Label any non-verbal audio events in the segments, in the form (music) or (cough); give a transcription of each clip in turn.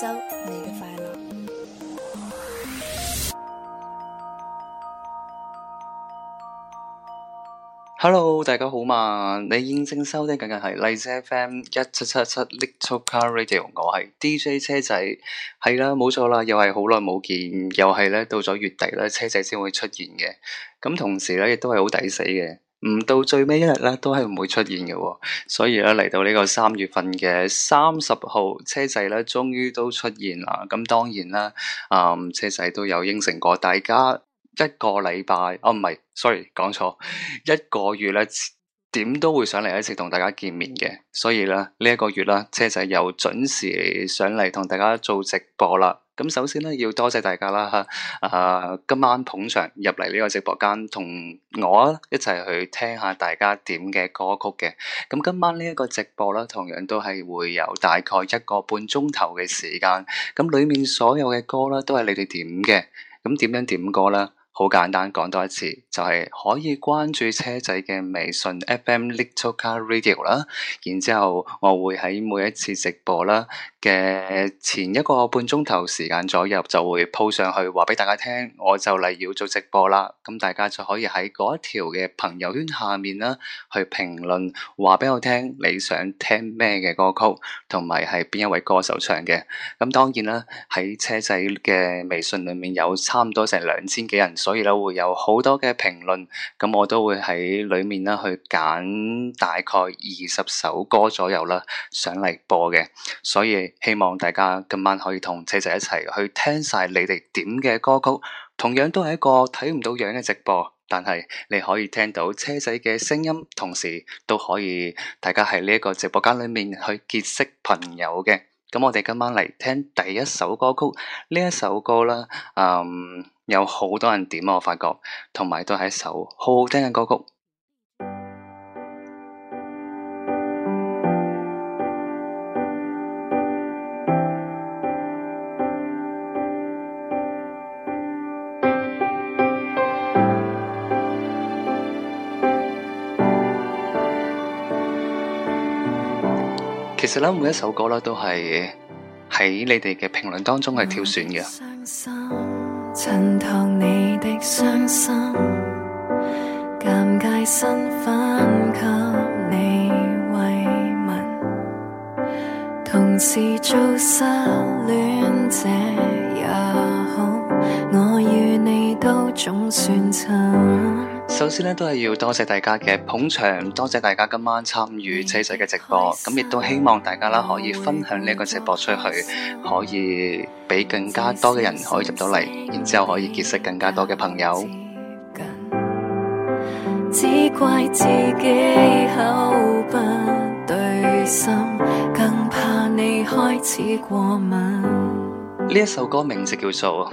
你嘅快樂。Hello，大家好嘛？你認證收聽緊嘅係荔枝 FM 一七七七 Little Car Radio。我係 DJ 車仔，係啦，冇錯啦，又係好耐冇見，又係咧到咗月底咧，車仔先會出現嘅。咁同時咧亦都係好抵死嘅。唔到最尾一日咧，都係唔會出現嘅、哦，所以咧嚟到呢個三月份嘅三十號，車仔咧終於都出現啦。咁當然啦，啊、嗯，車仔都有應承過大家一個禮拜，哦，唔係，sorry，講錯。一個月咧，點都會上嚟一次同大家見面嘅。所以咧呢一、這個月啦，車仔又準時上嚟同大家做直播啦。咁首先咧要多謝大家啦吓，啊今晚捧場入嚟呢個直播間，同我一齊去聽下大家點嘅歌曲嘅。咁今晚呢一個直播咧，同樣都係會有大概一個半鐘頭嘅時間。咁裏面所有嘅歌咧，都係你哋點嘅。咁點樣點歌咧？好簡單講多一次，就係可以關注車仔嘅微信 FM Little Car Radio 啦。然之後，我會喺每一次直播啦嘅前一個半鐘頭時間左右，就會鋪上去話俾大家聽。我就嚟要做直播啦，咁大家就可以喺嗰一條嘅朋友圈下面啦，去評論話俾我聽你想聽咩嘅歌曲，同埋係邊一位歌手唱嘅。咁當然啦，喺車仔嘅微信裡面有差唔多成兩千幾人。所以咧，會有好多嘅評論，咁我都會喺裏面咧去揀大概二十首歌左右啦，上嚟播嘅。所以希望大家今晚可以同車仔一齊去聽晒你哋點嘅歌曲。同樣都係一個睇唔到樣嘅直播，但係你可以聽到車仔嘅聲音，同時都可以大家喺呢一個直播間裏面去結識朋友嘅。咁我哋今晚嚟聽第一首歌曲，呢一首歌啦，嗯。有好多人點、啊、我發覺，同埋都係一首好好聽嘅歌曲。 (music) 其實呢，每一首歌呢都係喺你哋嘅評論當中係挑選嘅。襯托你的傷心，尷尬身份給你慰問，同時做失戀者也好，我與你都總算襯。首先呢，都係要多謝大家嘅捧場，多謝大家今晚參與仔仔嘅直播，咁、嗯、亦都希望大家啦可以分享呢一個直播出去，可以俾更加多嘅人可以入到嚟，然之後可以結識更加多嘅朋友。只怪自己口不對心，更怕你開始過敏。呢一首歌名字叫做。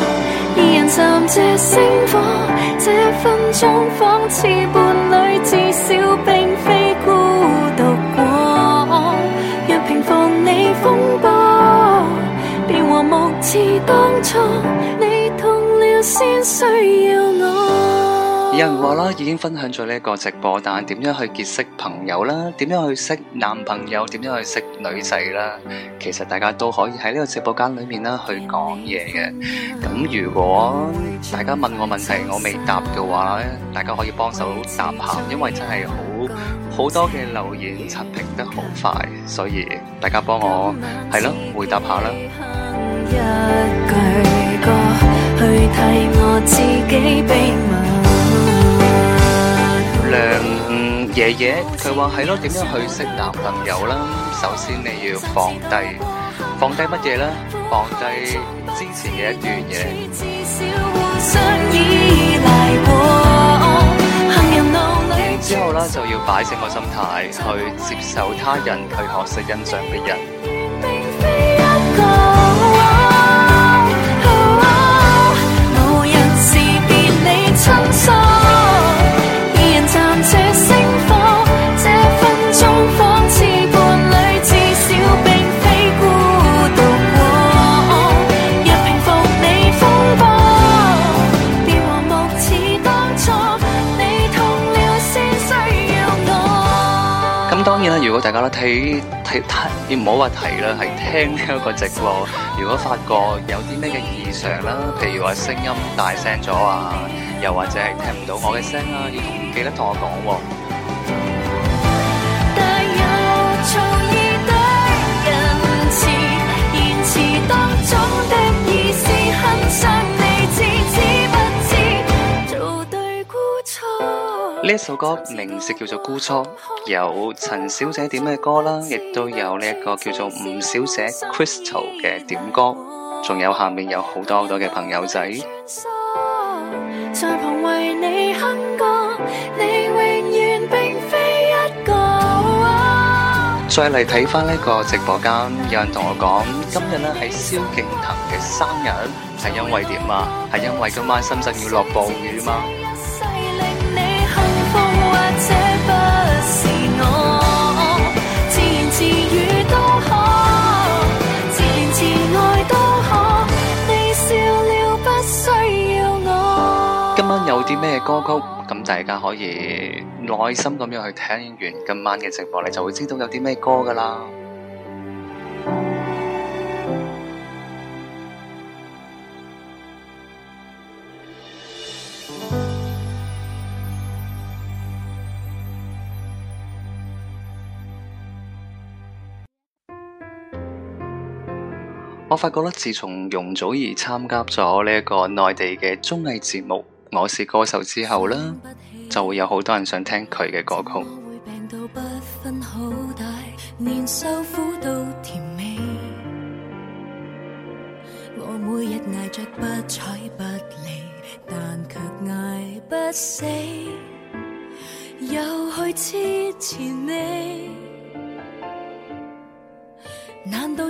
二人站著星火，這分鐘仿似伴侶，至少並非孤獨過。若平伏你風波，便和睦似當初。你痛了先需要我。有人話啦，已經分享咗呢個直播，但點樣去結識朋友啦？點樣去識男朋友？點樣去識女仔啦？其實大家都可以喺呢個直播間裏面啦去講嘢嘅。咁如果大家問我問題，我未答嘅話，大家可以幫手答下，因為真係好好多嘅留言刷屏得好快，所以大家幫我係咯，回答下啦。梁爺爺佢話係咯，點樣去識男朋友啦？首先你要放低，放低乜嘢呢？放低之前嘅一段嘢。然之、嗯嗯、後呢，就要擺正個心態去接受他人，去學識欣賞別人。大家睇睇睇，唔好話睇啦，係聽呢一個直播。如果發覺有啲咩嘅異常啦，譬如話聲音大聲咗啊，又或者係聽唔到我嘅聲啊，亦都唔記得同我講。呢首歌名字叫做《孤初》，有陳小姐點嘅歌啦，亦都有呢一個叫做吳小姐 Crystal 嘅點歌，仲有下面有好多好多嘅朋友仔，為你哼再嚟睇翻呢個直播間，有人同我講，今日呢係蕭敬騰嘅生日，係因為點啊？係因為今晚深圳要落暴雨嗎？咩歌曲？咁大家可以耐心咁樣去聽完今晚嘅直播，你就會知道有啲咩歌噶啦。 (music) 我發覺咧，自從容祖兒參加咗呢一個內地嘅綜藝節目。我是歌手之後啦，就會有好多人想聽佢嘅歌曲。我每日捱着不睬不理，但卻捱不死。又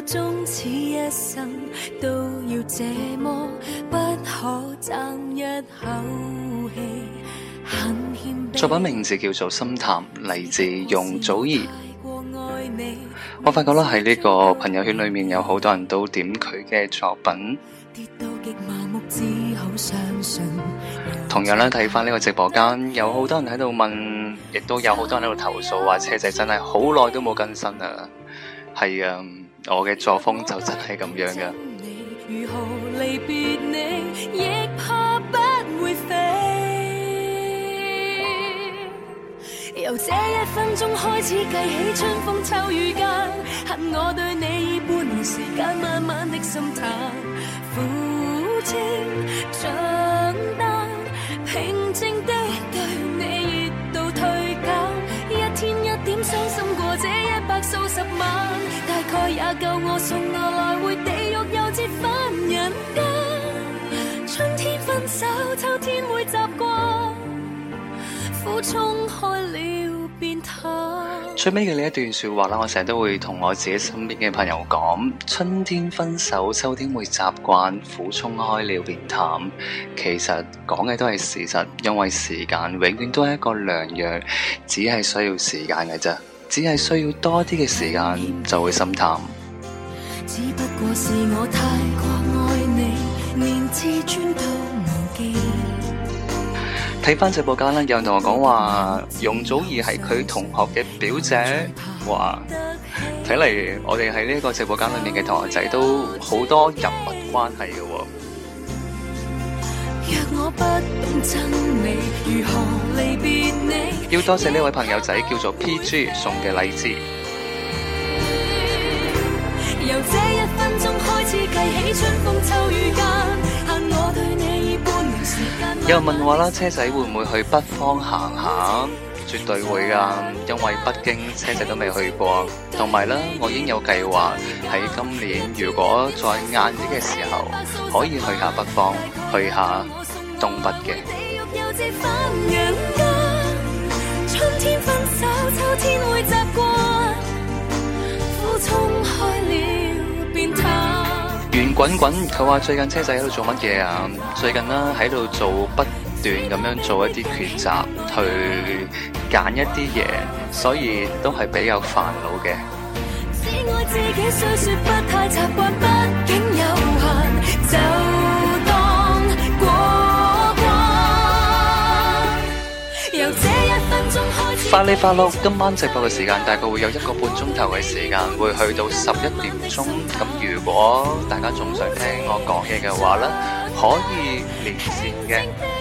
終此一生都要這麼不可爭一口氣，作品名字叫做《心淡》，嚟自容祖兒。嗯、我發覺啦，喺呢個朋友圈裏面有好多人都點佢嘅作品。同樣呢，睇翻呢個直播間，有好多人喺度問，亦都有好多人喺度投訴話車仔真係好耐都冇更新啦。係啊，我嘅作風就真係咁樣噶。你如何離別，你亦怕不會飛。由這一分鐘開始計起，春風秋雨間，恨我對你以半年時間慢慢地心淡，苦情長大，平靜地對你熱度退減，一天一點傷心。數十萬大概也夠我送我來回地獄又折返人間。春天分手，秋天會習慣，苦沖開了變淡。最尾嘅呢一段說話啦，我成日都會同我自己身邊嘅朋友講：春天分手，秋天會習慣，苦沖開了變淡。其實講嘅都係事實，因為時間永遠都係一個良藥，只係需要時間嘅啫。只係需要多啲嘅時間就會心淡。只不過是我太過愛你，連自尊都忘記。睇翻直播間啦，有人同我講話，容祖兒係佢同學嘅表姐，哇，睇嚟我哋喺呢個直播間裏面嘅同學仔都好多人物關係嘅喎。要多謝呢位朋友仔叫做 PG 送嘅禮志。有人問我啦， (noise) 車仔會唔會去北方行行？絕對會㗎，因為北京車仔都未去過，同埋呢，我已經有計劃喺今年，如果再晏啲嘅時候，可以去下北方，去下東北嘅。圓滾滾佢話最近車仔喺度做乜嘢啊？最近呢，喺度做北。斷咁樣做一啲抉擇，去揀一啲嘢，所以都係比較煩惱嘅。發你發祿，今晚直播嘅時間大概會有一個半鐘頭嘅時間，會去到十一點鐘。咁如果大家仲想聽我講嘢嘅話咧，可以連線嘅。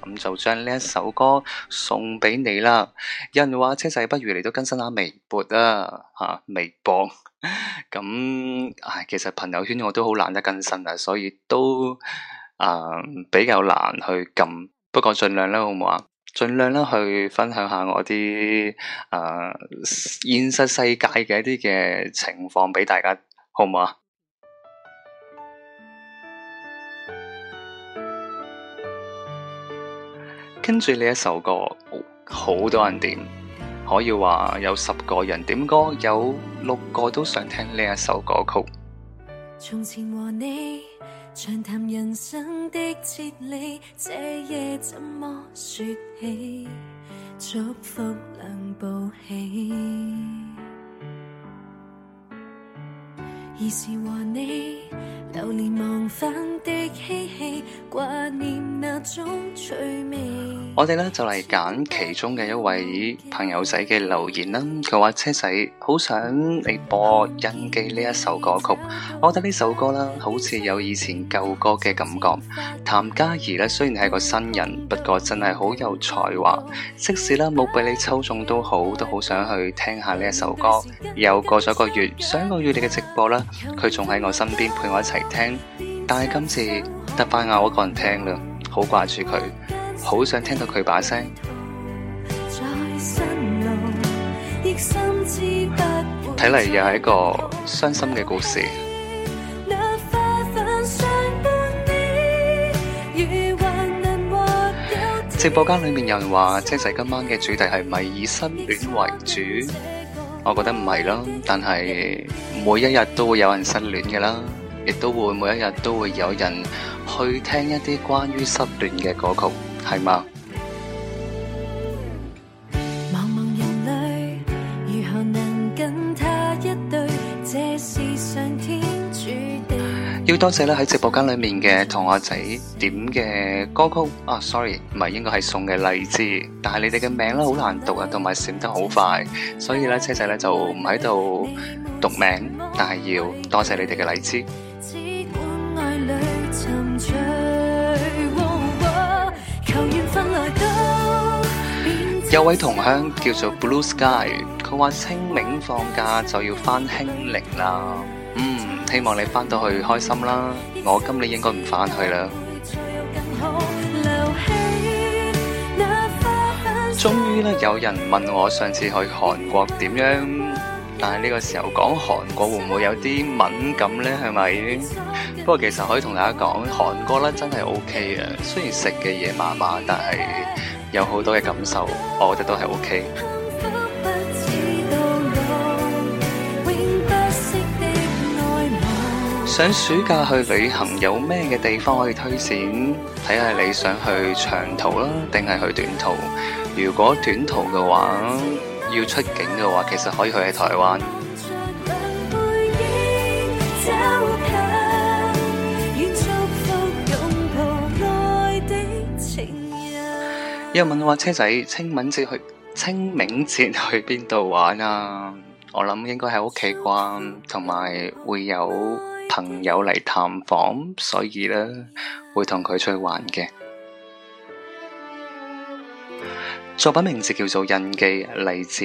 咁就將呢一首歌送畀你啦！有人話車仔不如你都更新下，啊、微博啊，吓、啊、微博。咁 (laughs) 唉、哎，其實朋友圈我都好懶得更新啊，所以都啊、呃、比較難去撳。不過盡量啦，好唔好啊？盡量啦，去分享下我啲啊、呃、現實世界嘅一啲嘅情況俾大家，好唔好啊？跟住呢一首歌，好多人點，可以話有十個人點歌，有六個都想聽呢一首歌曲。從前和你長談人生的哲理，這夜怎麼說起祝福兩部戲。和你流連忘返的嬉戲，掛念那種趣味。我哋咧就嚟揀其中嘅一位朋友仔嘅留言啦。佢話車仔好想你播《印記》呢一首歌曲，我覺得呢首歌啦好似有以前舊歌嘅感覺。譚嘉儀咧雖然係個新人，不過真係好有才華。即使啦冇俾你抽中都好，都好想去聽下呢一首歌。又過咗個月，上個月你嘅直播啦。佢仲喺我身邊陪我一齊聽，但係今次得返我一個人聽啦，好掛住佢，好想聽到佢把聲。睇嚟又係一個傷心嘅故事。直播間裏面有人話，青仔今晚嘅主題係咪以失戀為主？我覺得唔係咯，但係每一日都會有人失戀㗎啦，亦都會每一日都會有人去聽一啲關於失戀嘅歌曲，係嗎？要多謝咧喺直播間裏面嘅同學仔點嘅歌曲啊，Sorry，唔係應該係送嘅荔枝，但係你哋嘅名咧好難讀啊，同埋閃得好快，所以咧車仔咧就唔喺度讀名，但係要多謝你哋嘅荔枝。有位同鄉叫做 Blue Sky，佢話清明放假就要翻興寧啦。希望你返到去開心啦！我今年應該唔返去啦。終於咧，有人問我上次去韓國點樣，但係呢個時候講韓國會唔會有啲敏感呢？係咪？不過其實可以同大家講，韓國咧真係 OK 呀，雖然食嘅嘢麻麻，但係有好多嘅感受，我覺得都係 OK。想暑假去旅行，有咩嘅地方可以推薦？睇下你想去長途啦，定係去短途？如果短途嘅話，要出境嘅話，其實可以去下台灣。有人問我問話車仔，清明節去清明節去邊度玩啊？我諗應該喺屋企啩，同埋會有。朋友嚟探訪，所以咧會同佢出去玩嘅。作品名字叫做《印記》，嚟自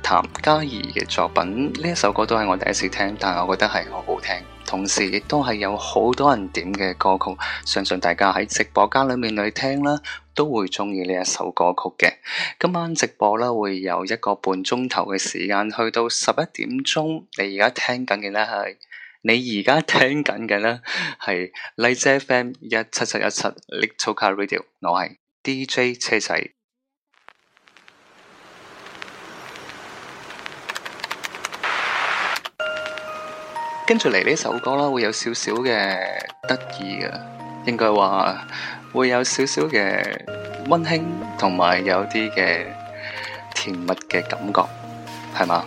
譚嘉怡嘅作品。呢一首歌都係我第一次聽，但係我覺得係好好聽。同時亦都係有好多人點嘅歌曲，相信大家喺直播間裏面去聽啦，都會中意呢一首歌曲嘅。今晚直播啦，會有一個半鐘頭嘅時間，去到十一點鐘，你而家聽緊嘅呢係。你而家聽緊嘅咧係荔枝 F M 一七七一七 Little Car Radio，我係 D J 車仔，跟住嚟呢首歌啦，會有少少嘅得意嘅，應該話會有少少嘅溫馨，同埋有啲嘅甜蜜嘅感覺，係嘛？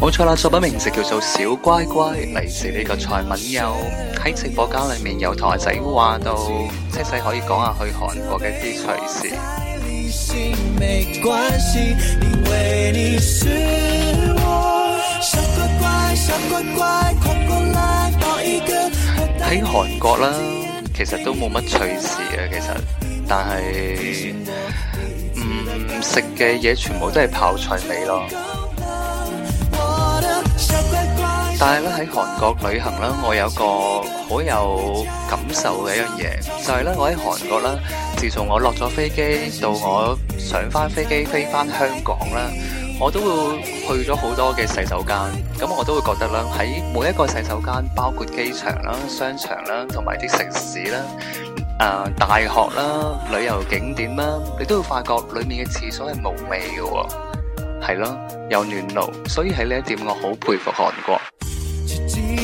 冇錯啦，作品名字叫做《小乖乖》，嚟自呢個蔡敏友，喺直播間裏面有同阿仔話到，細細可以講下去韓國嘅啲趣事。喺韓 (music) 國啦，其實都冇乜趣事嘅，其實，但係唔食嘅嘢全部都係泡菜味咯。但係咧喺韓國旅行咧，我有個好有感受嘅一樣嘢，就係、是、咧我喺韓國咧，自從我落咗飛機到我上翻飛機飛翻香港咧，我都會去咗好多嘅洗手間，咁我都會覺得咧喺每一個洗手間，包括機場啦、商場啦、同埋啲城市啦、誒、呃、大學啦、旅遊景點啦，你都會發覺裏面嘅廁所係無味嘅，係咯，有暖爐，所以喺呢一點我好佩服韓國。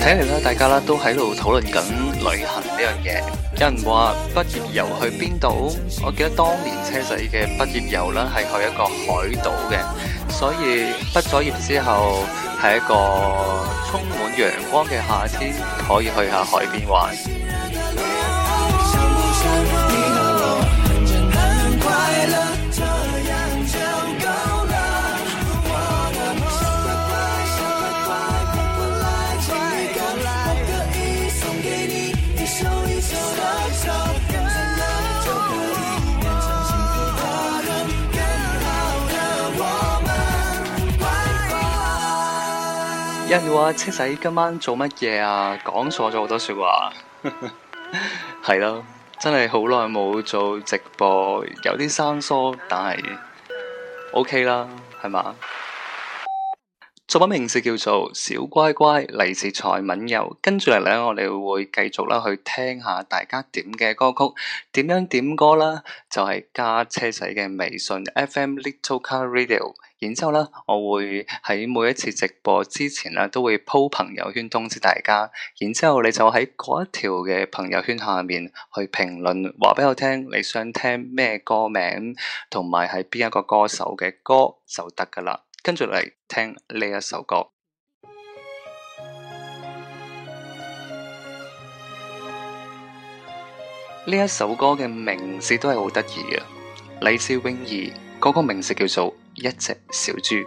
睇嚟咧，大家咧都喺度討論緊旅行呢樣嘢。有人話畢業遊去邊度？我記得當年車仔嘅畢業遊咧係去一個海島嘅，所以畢咗業之後係一個充滿陽光嘅夏天，可以去下海邊玩。人話七仔今晚做乜嘢啊？講錯咗好多説話，係 (laughs) 咯，真係好耐冇做直播，有啲生疏，但係 OK 啦，係嘛？作品名字叫做《小乖乖》，嚟自蔡敏佑。跟住嚟咧，我哋會繼續啦去聽下大家點嘅歌曲，點樣點歌啦？就係加車仔嘅微信 FM Little Car Radio。然之後咧，我會喺每一次直播之前咧，都會鋪朋友圈通知大家。然之後你就喺嗰一條嘅朋友圈下面去評論，話俾我聽你想聽咩歌名，同埋係邊一個歌手嘅歌就得㗎喇。跟住嚟聽呢一首歌，呢一首歌嘅名字都係好得意嘅，嚟 (noise) 自泳兒，嗰、嗰個名字叫做一隻小豬。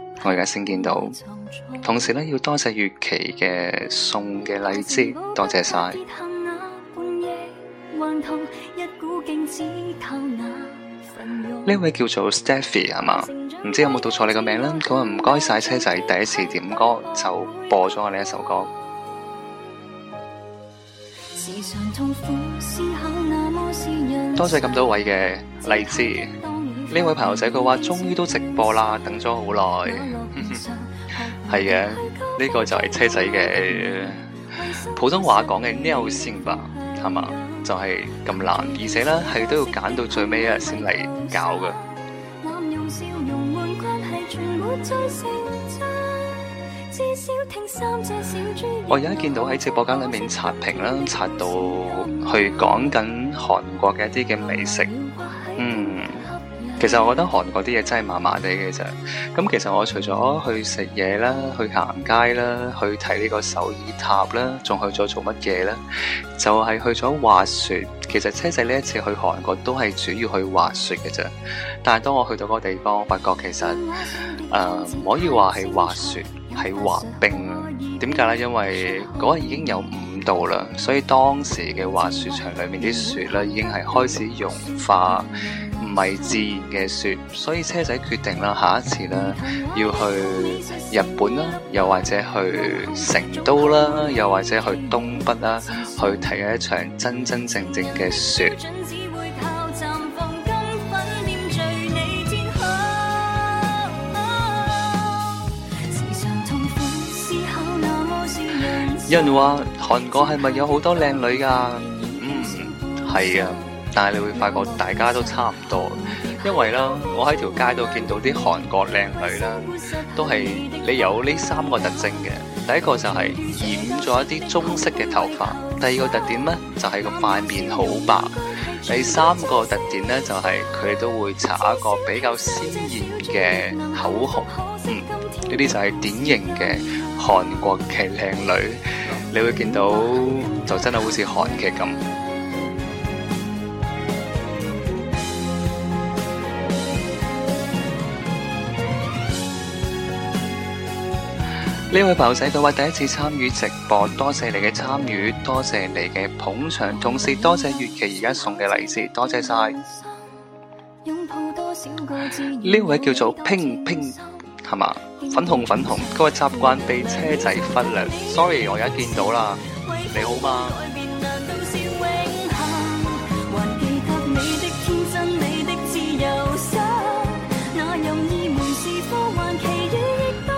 我而家先見到，同時咧要多謝月期嘅送嘅荔枝，多謝晒呢 (music) 位叫做 Stephy 係嘛？唔知有冇讀錯你個名咧？佢話唔該晒。車仔，第一次點歌就播咗我呢一首歌。 (music) 多謝咁多位嘅荔枝。呢位朋友仔佢話：終於都直播啦，等咗好耐。係 (laughs) 嘅的，呢個就係車仔嘅普通話講嘅你好先吧，係嘛？就係、是、咁難，而且咧係都要揀到最尾一日先嚟搞嘅。 (laughs) 我而家見到喺直播間裏面刷屏啦，刷到去講緊韓國嘅一啲嘅美食，嗯。其實我覺得韓國啲嘢真係麻麻地嘅咋。咁其實我除咗去食嘢啦、去行街啦、去睇呢個首爾塔啦，仲去咗做乜嘢呢？就係去咗滑雪。其實車仔呢一次去韓國都係主要去滑雪嘅啫。但係當我去到嗰個地方，我發覺其實誒唔可以話係滑雪係滑冰啊。點解呢？因為嗰日已經有五度啦，所以當時嘅滑雪場裡面啲雪呢已經係開始融化。唔自然嘅雪，所以車仔決定啦，下一次咧要去日本啦，又或者去成都啦，又或者去東北啦，去睇一場真真正正嘅雪。 (music) 有人話韓國係咪有好多靚女㗎？嗯，係啊。但係你會發覺大家都差唔多，因為啦，我喺條街度見到啲韓國靚女啦，都係你有呢三個特徵嘅。第一個就係染咗一啲棕色嘅頭髮，第二個特點呢，就係、是、個塊面好白，第三個特點呢，就係佢哋都會搽一個比較鮮艷嘅口紅。嗯，呢啲就係典型嘅韓國劇靚女，你會見到就真係好似韓劇咁。呢位朋友仔就話第一次參與直播，多謝你嘅參與，多謝你嘅捧場，同時多謝月琪而家送嘅利是，多謝晒。呢位叫做 Ping Ping 係咪？粉紅粉紅，佢習慣被車仔忽略。Sorry，我而家見到啦，你好嗎？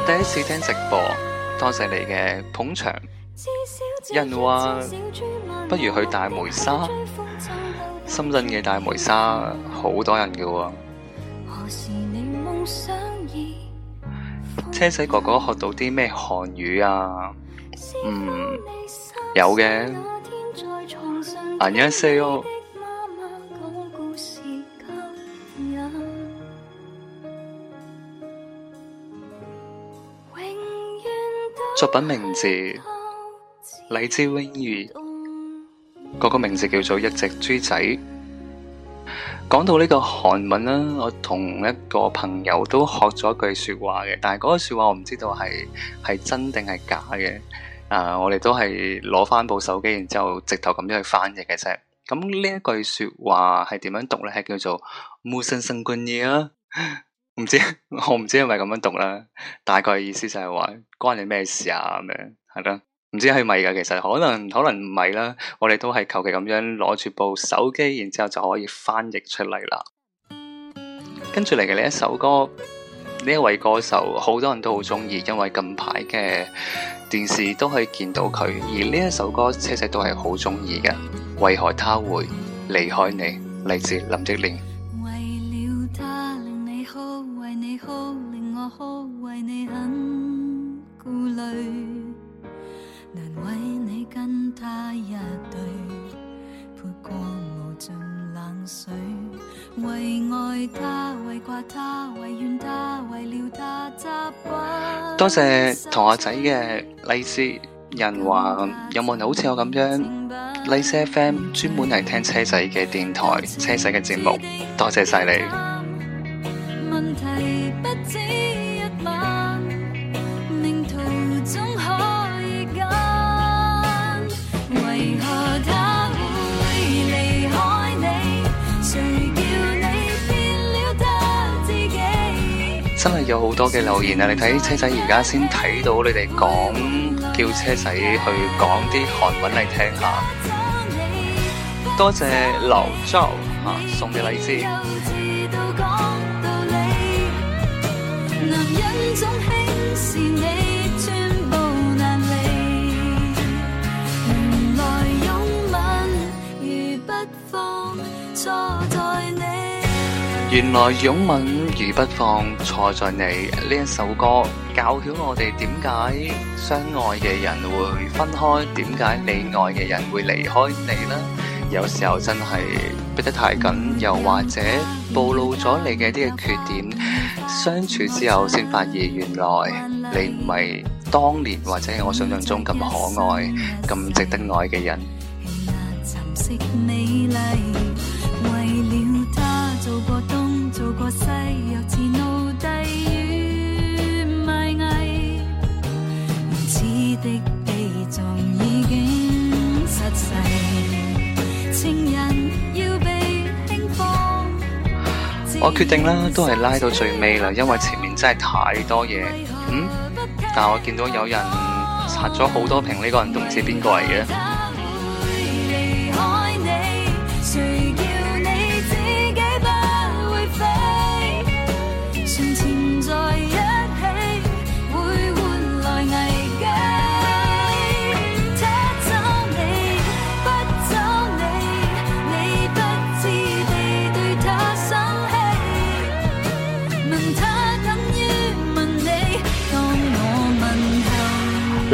第一次聽直播，多謝你嘅捧場。有人話不如去大梅沙，深圳嘅大梅沙好多人嘅喎。車仔哥哥學到啲咩韓語啊？嗯，有嘅。阿 y o u n 作品名字《荔枝榮月》那，嗰個名字叫做一隻豬仔。講到呢個韓文啦，我同一個朋友都學咗一句說話嘅，但係嗰個說話我唔知道係係真定係假嘅。啊，我哋都係攞翻部手機，然之後直頭咁樣去翻譯嘅啫。咁呢一句說話係點樣讀呢？係叫做무슨생각이야？唔知，我唔知係咪咁樣讀啦。大概意思就係話，關你咩事啊，咁樣，係咯。唔知係咪噶，其實可能可能唔係啦。我哋都係求其咁樣攞住部手機，然之後就可以翻譯出嚟啦。 (music) 跟住嚟嘅呢一首歌，呢一位歌手好多人都好中意，因為近排嘅電視都可以見到佢。而呢一首歌實，車仔都係好中意嘅。為何他會離開你？嚟自林憶蓮。多謝同學仔嘅荔枝，人話有冇人好似我咁樣？荔枝 FM 專門嚟聽車仔嘅電台，車仔嘅節目。多謝晒你。真係有好多嘅留言啊！你睇車仔而家先睇到你哋講，叫車仔去講啲韓文嚟聽下。多謝劉州啊，送嘅荔枝。原來擁吻而不放，錯在你。呢一首歌，教曉我哋點解相愛嘅人會分開，點解你愛嘅人會離開你呢？有時候真係逼得太緊，又或者暴露咗你嘅啲嘅缺點，相處之後先發現原來你唔係當年或者係我想象中咁可愛、咁值得愛嘅人。尋尋我決定啦，都係拉到最尾啦，因為前面真係太多嘢。嗯，但我見到有人刷咗好多瓶，呢個人都唔知邊個嚟嘅。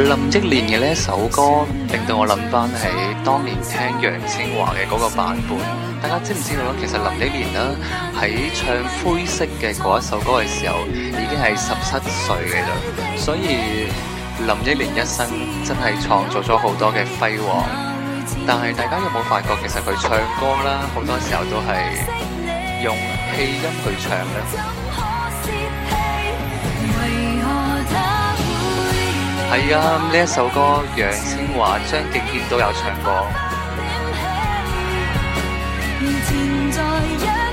林憶蓮嘅呢一首歌，令到我諗翻起當年聽楊千嬅嘅嗰個版本。大家知唔知道咧？其實林憶蓮咧喺唱《灰色》嘅嗰一首歌嘅時候，已經係十七歲嘅啦。所以林憶蓮一生真係創造咗好多嘅輝煌。但係大家有冇發覺，其實佢唱歌啦好多時候都係用氣音去唱嘅。係啊，呢一首歌楊千嬅、張敬軒都有唱過。 (music) (music)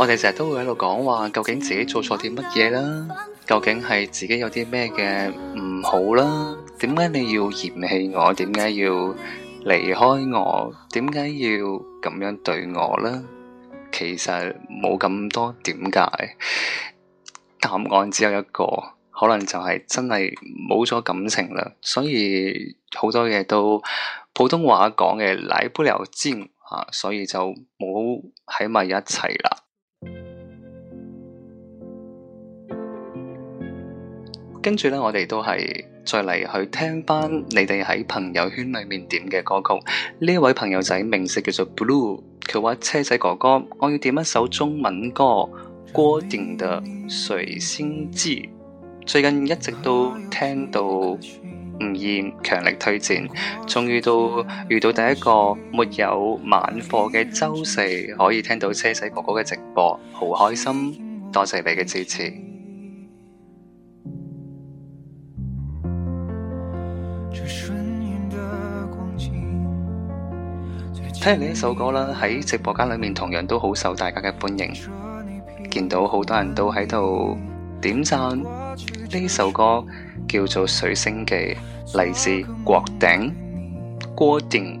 我哋成日都會喺度講話，究竟自己做錯啲乜嘢啦？究竟係自己有啲咩嘅唔好啦？點解你要嫌棄我？點解要離開我？點解要咁樣對我呢？其實冇咁多點解。答案只有一個，可能就係真係冇咗感情啦。所以好多嘢都普通話講嘅奶不了尖，吓、啊，所以就冇喺埋一齊啦。跟住咧，我哋都係再嚟去聽翻你哋喺朋友圈裏面點嘅歌曲。呢位朋友仔名色叫做 Blue，佢話車仔哥哥，我要點一首中文歌，郭頂的《誰先知》，最近一直都聽到唔厭，強力推薦。仲遇到遇到第一個沒有晚課嘅周四，可以聽到車仔哥哥嘅直播，好開心！多謝你嘅支持。聽下呢一首歌啦，喺直播間裏面同樣都好受大家嘅歡迎，見到好多人都喺度點讚呢首歌，叫做《水星記》，嚟自郭頂、郭頂。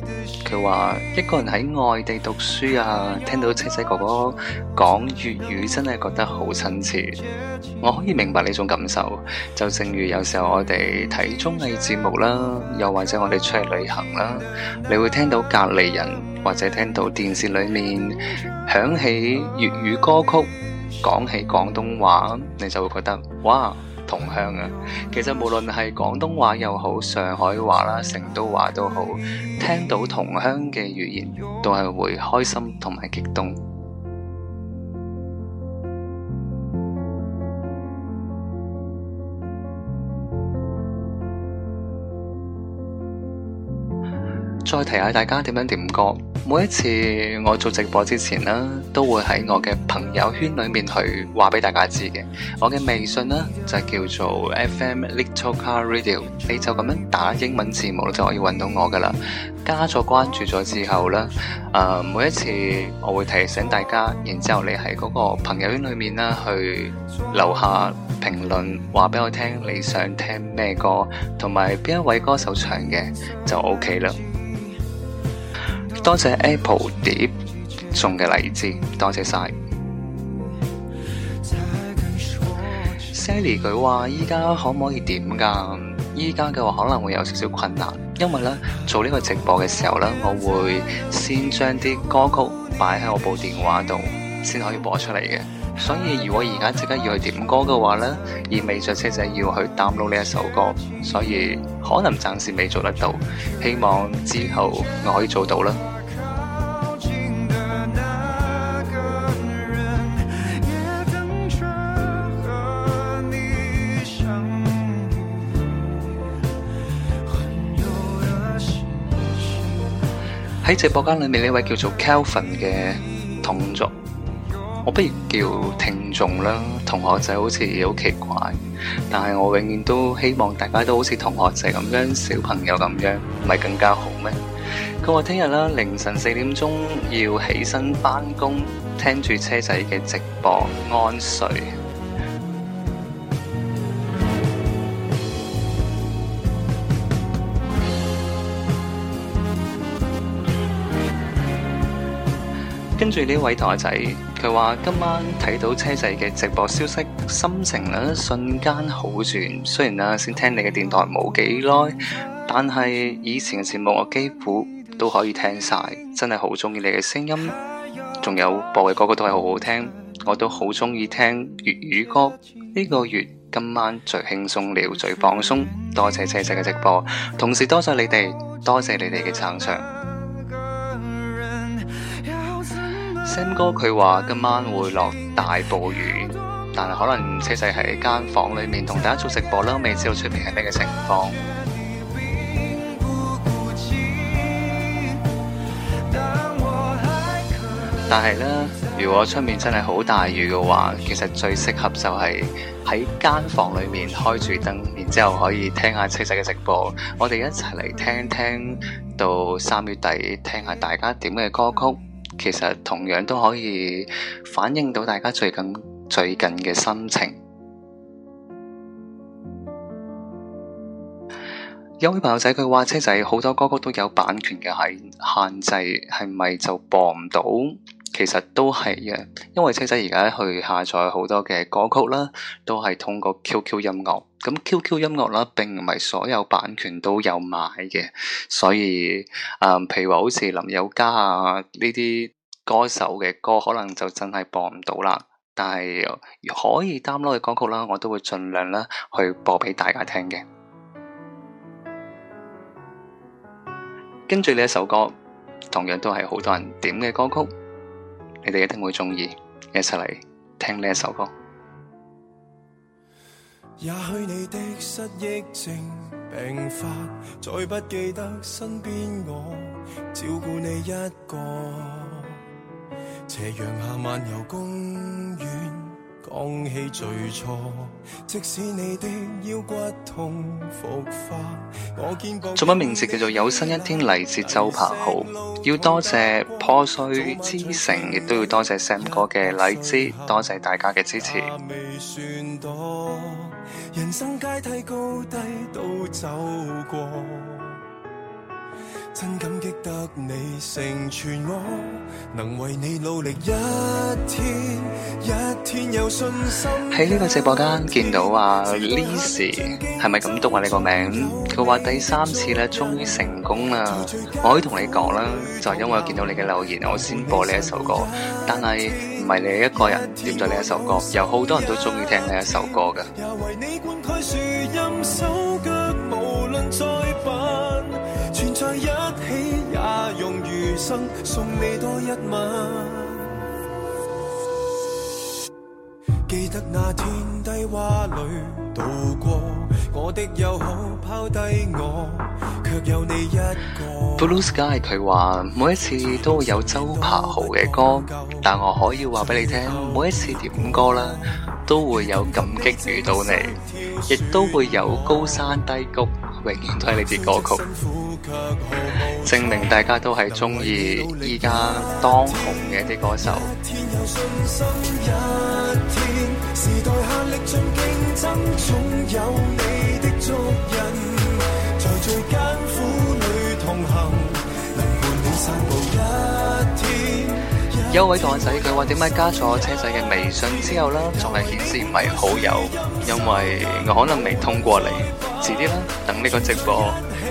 佢話一個人喺外地讀書啊，聽到仔仔哥哥講粵語，真係覺得好親切。我可以明白呢種感受，就正如有時候我哋睇綜藝節目啦，又或者我哋出去旅行啦，你會聽到隔離人或者聽到電視裏面響起粵語歌曲，講起廣東話，你就會覺得哇！同鄉啊，其實無論係廣東話又好，上海話啦、成都話都好，聽到同鄉嘅語言，都係會開心同埋激動。再提下大家點樣點歌，每一次我做直播之前啦，都會喺我嘅朋友圈裏面去話俾大家知嘅。我嘅微信呢就叫做 FM Little Car Radio，你就咁樣打英文字母就可以搵到我噶啦。加咗關注咗之後呢，啊、呃，每一次我會提醒大家，然之後你喺嗰個朋友圈裏面呢，去留下評論，話俾我聽你想聽咩歌，同埋邊一位歌手唱嘅就 OK 啦。多謝 Apple 碟送嘅荔枝，多謝晒。Sally 佢話依家可唔可以點噶？依家嘅話可能會有少少困難，因為呢做呢個直播嘅時候呢，我會先將啲歌曲擺喺我部電話度，先可以播出嚟嘅。所以如果而家即刻要去點歌嘅話呢，意味著車仔要去 download 呢一首歌，所以可能暫時未做得到。希望之後我可以做到啦。喺直播間裏面呢位叫做 Kelvin 嘅同族，我不如叫聽眾啦，同學仔好似好奇怪，但係我永遠都希望大家都好似同學仔咁樣，小朋友咁樣，唔係更加好咩？佢話聽日啦，凌晨四點鐘要起身返工，聽住車仔嘅直播安睡。跟住呢位台仔，佢話今晚睇到車仔嘅直播消息，心情呢瞬間好轉。雖然啊先聽你嘅電台冇幾耐，但係以前嘅節目我幾乎都可以聽晒，真係好中意你嘅聲音，仲有播嘅歌歌都係好好聽，我都好中意聽粵語歌。呢、這個月今晚最輕鬆了，最放鬆。多謝車仔嘅直播，同時多謝你哋，多謝你哋嘅撐場。Sam 哥佢話今晚會落大暴雨，但係可能車仔喺間房裏面同大家做直播啦，未知道出面係咩嘅情況。但係呢，如果出面真係好大雨嘅話，其實最適合就係喺間房裏面開住燈，然之後可以聽下車仔嘅直播，我哋一齊嚟聽聽到三月底聽下大家點嘅歌曲。其實同樣都可以反映到大家最近最近嘅心情。 (music) 有位朋友仔，佢話車仔好多歌曲都有版權嘅係限制，係咪就播唔到？其實都係嘅，因為車仔而家去下載好多嘅歌曲啦，都係通過 Q Q 音樂咁。Q Q 音樂啦，並唔係所有版權都有買嘅，所以誒，譬如話好似林宥嘉啊呢啲歌手嘅歌，可能就真係播唔到啦。但係可以 download 嘅歌曲啦，我都會盡量啦去播俾大家聽嘅。跟住呢一首歌，同樣都係好多人點嘅歌曲。你哋一定會鍾意，一齊嚟聽呢一首歌。也許你的失憶症病發，再不記得身邊我照顧你一個。斜陽下漫遊公園。放棄最初，即使你腰骨痛復發，做乜名字叫做有新一天嚟自周柏豪。要多謝破碎之城，亦都要多謝 Sam 哥嘅荔枝，多謝大家嘅支持。人生喺呢個直播間見到啊，Lise 係咪咁讀啊？你個名，佢話第三次咧終於成功啦！我可以同你講啦，就係因為我見到你嘅留言，我先播呢一首歌。但係唔係你一個人點咗呢一首歌，有好多人都中意聽呢一首歌㗎。Blue Sky 佢話每一次都會有周柏豪嘅歌，但我可以話俾你聽，每一次點歌啦，都會有感激遇到你，亦都會有高山低谷，永遠都係你啲歌曲。證明大家都係中意依家當紅嘅啲歌手。 (noise) 有位檔仔佢話：點解加咗車仔嘅微信之後呢，仲係顯示唔係好友？因為我可能未通過你，遲啲啦，等呢個直播。 (noise)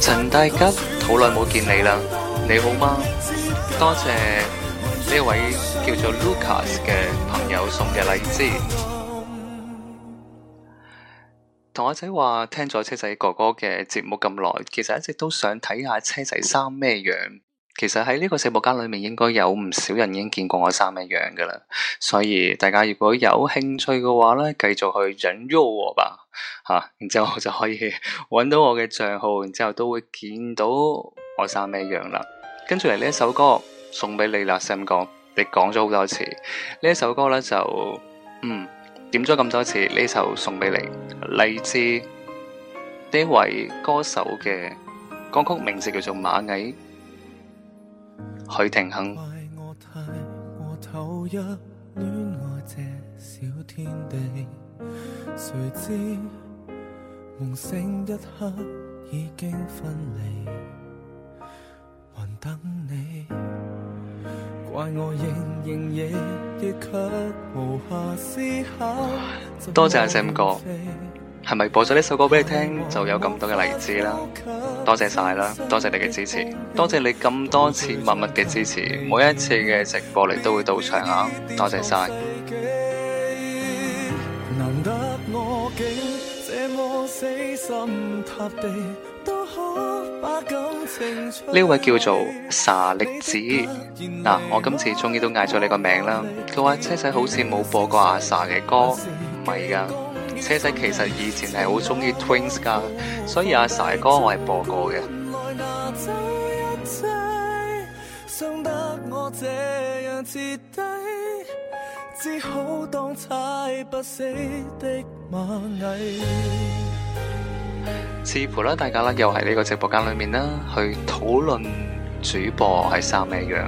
陳 (music) 大吉，好耐冇見你啦，你好嗎？多謝呢位叫做 Lucas 嘅朋友送嘅荔枝。同阿仔話，聽咗車仔哥哥嘅節目咁耐，其實一直都想睇下車仔生咩樣。其實喺呢個社交圈裏面，應該有唔少人已經見過我生咩樣噶啦。所以大家如果有興趣嘅話咧，繼續去引 u 我吧，吓、啊，然之後就可以揾到我嘅賬號，然後之後都會見到我生咩樣啦。跟住嚟呢一首歌送俾你啦，Sam 哥，你講咗好多次呢一首歌咧，就嗯。點咗咁多次呢首送畀你，嚟自呢位歌手嘅歌曲名字叫做《螞蟻》，許廷鏗。怪我仍然亦，亦卻無暇思考。多謝阿十五哥，係咪播咗呢首歌俾你聽就有咁多嘅荔枝啦？多謝晒啦，多謝你嘅支持，多謝你咁多次默默嘅支持，每一次嘅直播你都會到場啊！多謝晒。 (music) 呢位叫做沙力子，嗱，我今次終於都嗌咗你個名啦。佢話、啊、車仔好似冇播過阿 Sa 嘅歌，唔係噶，車仔其實以前係好中意 Twins 噶，啊、所以阿沙嘅歌我係播過嘅。啊、原來拿走一切，傷得我這樣徹底，只好當踩不死的螞蟻。似乎啦，大家啦又喺呢個直播間裏面啦去討論主播係生咩樣，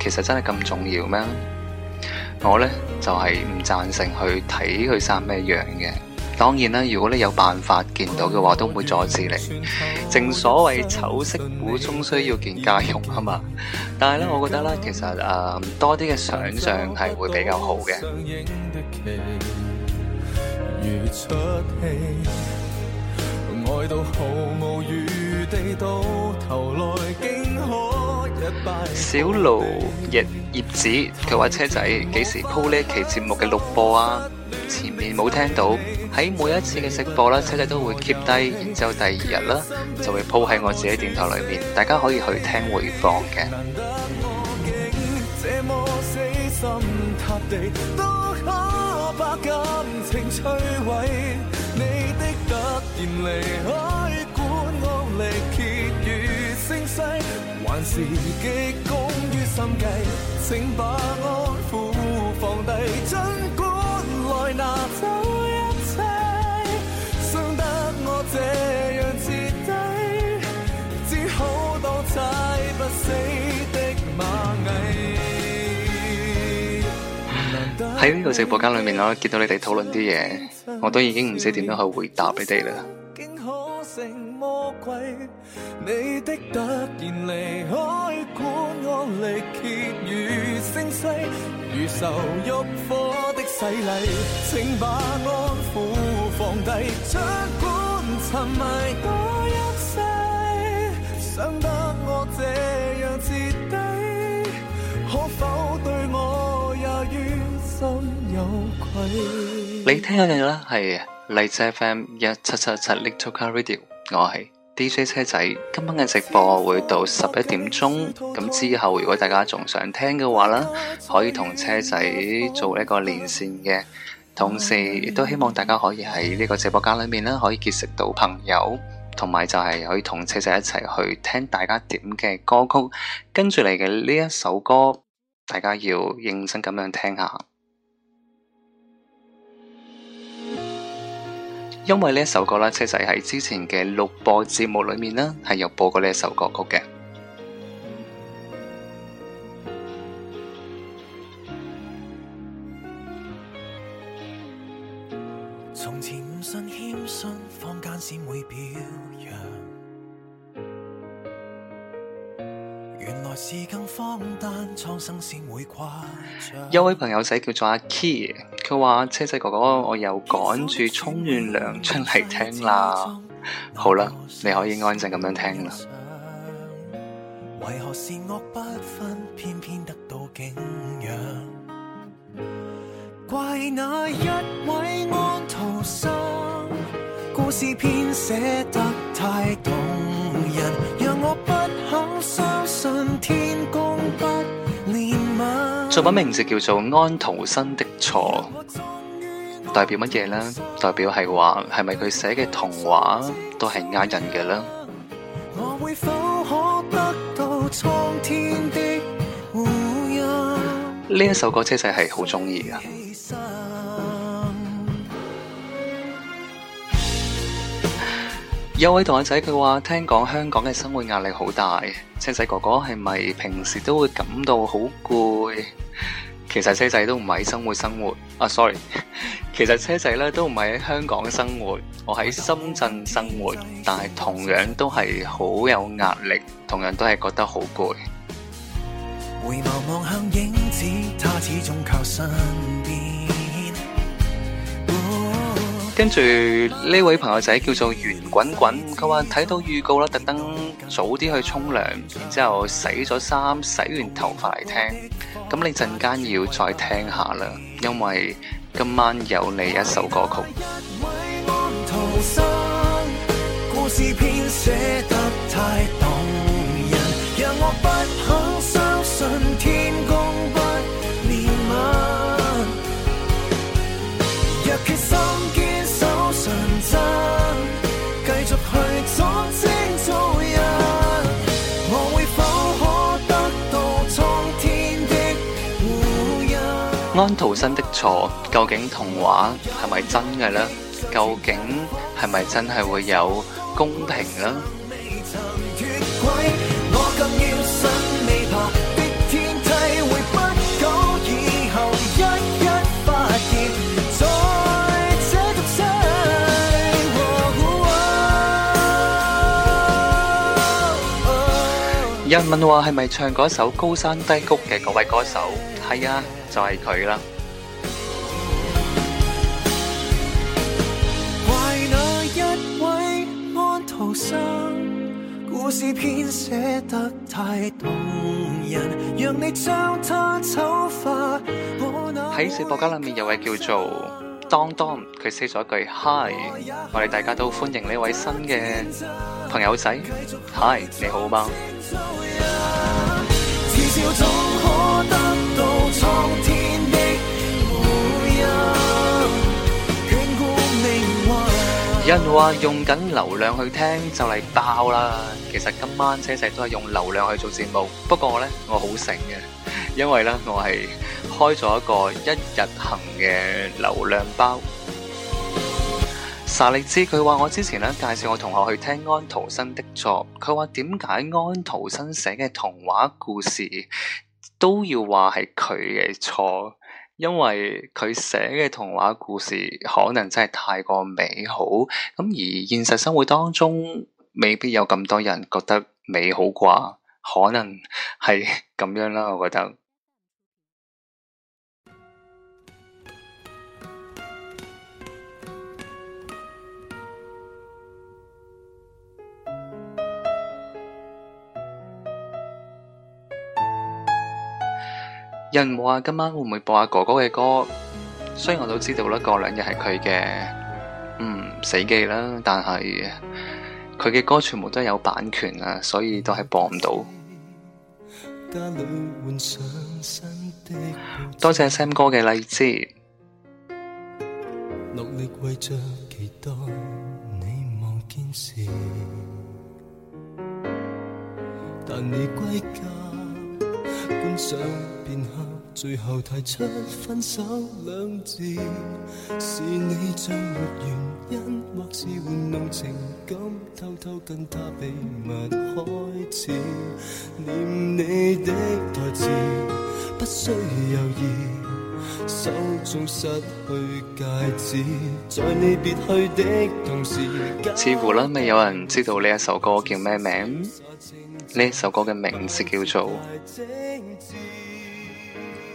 其實真係咁重要咩？我呢就係、是、唔贊成去睇佢生咩樣嘅。當然啦，如果你有辦法見到嘅話，都唔會阻止你。正所謂醜媳婦終需要見家用啊嘛。但係呢，我覺得呢，其實誒、呃、多啲嘅想象係會比較好嘅。 (music) 小盧亦葉子，佢話車仔幾時鋪呢一期節目嘅錄播啊？前面冇聽到，喺每一次嘅直播啦，車仔都會 keep 低，然之後第二日啦，就會鋪喺我自己電台裏面，大家可以去聽回放嘅。你的突然離開，管我力竭與聲勢，還是極功於心計，請把安撫放低，盡管來拿走。喺呢個直播間裏面，我見到你哋討論啲嘢，我都已經唔知點樣去回答你哋啦。你聽緊嘅嘢咧，係 Lite FM 一七七七 Little Car Radio，我係 DJ 車仔。今晚嘅直播會到十一點鐘，咁之後如果大家仲想聽嘅話咧，可以同車仔做一個連線嘅，同時亦都希望大家可以喺呢個直播間裏面咧可以結識到朋友，同埋就係可以同車仔一齊去聽大家點嘅歌曲。跟住嚟嘅呢一首歌，大家要認真咁樣聽下。因為呢首歌呢，其實係之前嘅錄播節目裏面呢，係有播過呢首歌曲嘅。從前唔信謙信，放假先會表。一位朋友仔叫做阿 Key，佢話車仔哥哥，我又趕住沖完涼出嚟聽啦。好啦，你可以安靜咁樣聽啦。作品名字叫做《安徒生的錯》，代表乜嘢呢？代表係話係咪佢寫嘅童話都係呃人嘅呢？呢一首歌，車仔係好中意㗎。有位同學仔佢話，聽講香港嘅生活壓力好大，車仔哥哥係咪平時都會感到好攰？其實車仔都唔係生活生活，啊 sorry，其實車仔咧都唔係喺香港生活，我喺深圳生活，但係同樣都係好有壓力，同樣都係覺得好攰。回望望向影子，他始終靠上.跟住呢位朋友仔叫做圓滾滾，佢話睇到預告啦，特登早啲去沖涼，然之後洗咗衫，洗完頭髮嚟聽。咁你陣間要再聽下啦，因為今晚有你一首歌曲。 (music) 安徒生的錯，究竟童話係咪真嘅呢？究竟係咪真係會有公平呢？人問話係咪唱嗰首《高山低谷》嘅嗰位歌手？係啊、哎，就係佢啦。喺直播間裏面有位叫做當當，佢寫咗句 Hi，我哋大家都歡迎呢位新嘅朋友仔，Hi，你好嗎？ (music) 到天人話用緊流量去聽就嚟、是、爆啦，其實今晚車仔都係用流量去做節目，不過呢，我好醒嘅，因為呢，我係開咗一個一日行嘅流量包。沙利茲佢話我之前呢，介紹我同學去聽安徒生的作，佢話點解安徒生寫嘅童話故事？都要話係佢嘅錯，因為佢寫嘅童話故事可能真係太過美好，咁而現實生活當中未必有咁多人覺得美好啩，可能係咁樣啦，我覺得。有人話今晚會唔會播阿哥哥嘅歌？雖然我都知道啦，過兩日係佢嘅，嗯死忌啦。但係佢嘅歌全部都有版權啊，所以都係播唔到。多謝 Sam 哥嘅勵志。似乎啦，未有人知道呢一首歌叫咩名？呢一首歌嘅名字叫做。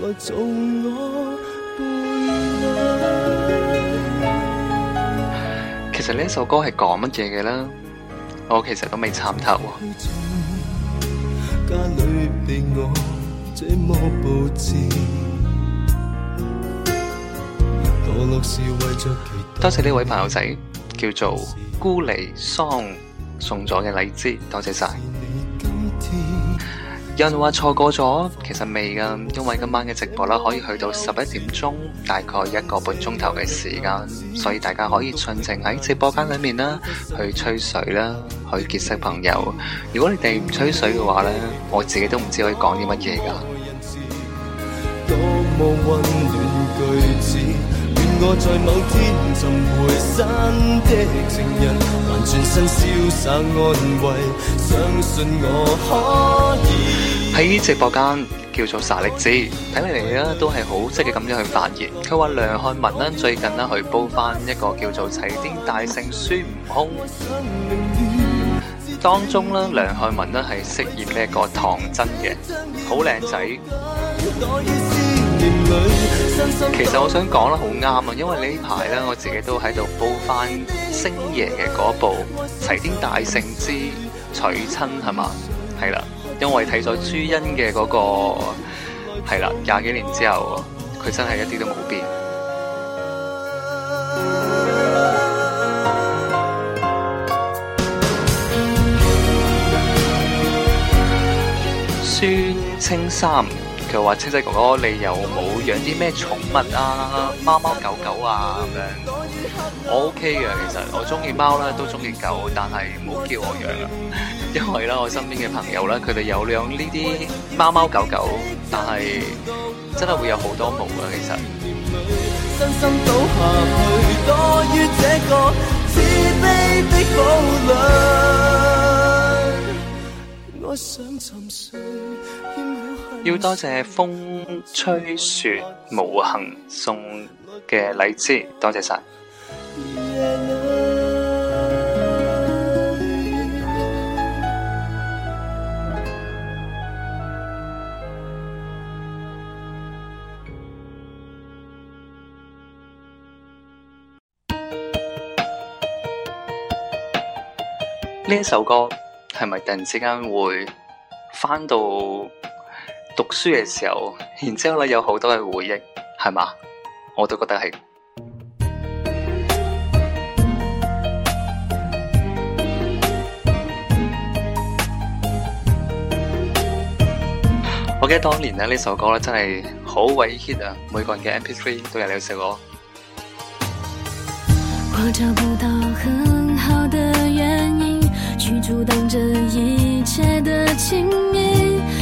我。其實呢首歌係講乜嘢嘅呢？我其實都未參透。多謝呢位朋友仔叫做孤離桑送咗嘅荔枝，多謝晒。有人話錯過咗，其實未㗎，因為今晚嘅直播啦，可以去到十一點鐘，大概一個半鐘頭嘅時間，所以大家可以盡情喺直播間裏面啦，去吹水啦，去結識朋友。如果你哋唔吹水嘅話咧，我自己都唔知可以講啲乜嘢㗎。喺直播間叫做沙力子，睇嚟你咧都係好積極咁樣去發言。佢話梁漢文呢最近呢去煲翻一個叫做《齊天大聖孫悟空》當中呢，梁漢文呢係飾演一個唐僧嘅，好靚仔。其實我想講得好啱啊，因為呢排咧，我自己都喺度煲翻星爺嘅嗰部《齊天大聖之娶親》，係嘛，係啦，因為睇咗朱茵嘅嗰個，係啦，廿幾年之後，佢真係一啲都冇變。孫青衫。 (music) 就話，青仔哥哥，你有冇養啲咩寵物啊？貓貓狗狗啊咁樣？我 OK 嘅，其實我中意貓啦，都中意狗，但係冇叫我養，因為呢，我身邊嘅朋友呢，佢哋有養呢啲貓貓狗狗，但係真係會有好多毛啊，其實。要多謝風吹雪無行送嘅禮知，多謝晒呢一首歌，係咪突然之間會翻到？讀書嘅時候，然之後咧有好多嘅回憶，係嘛，我都覺得係。 (music) 我記得當年咧呢首歌咧真係好委屈啊！每個人嘅 M P three 都有呢首歌。我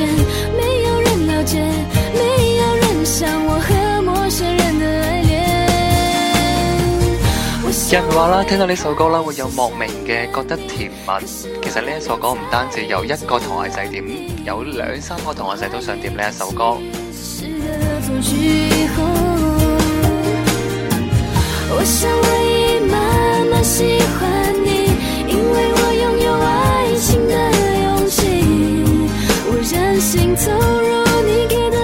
有人話啦，聽到呢首歌啦，會有莫名嘅覺得甜蜜。其實呢一首歌唔單止有一個同學仔點，有兩三個同學仔都想點呢一首歌。 (music)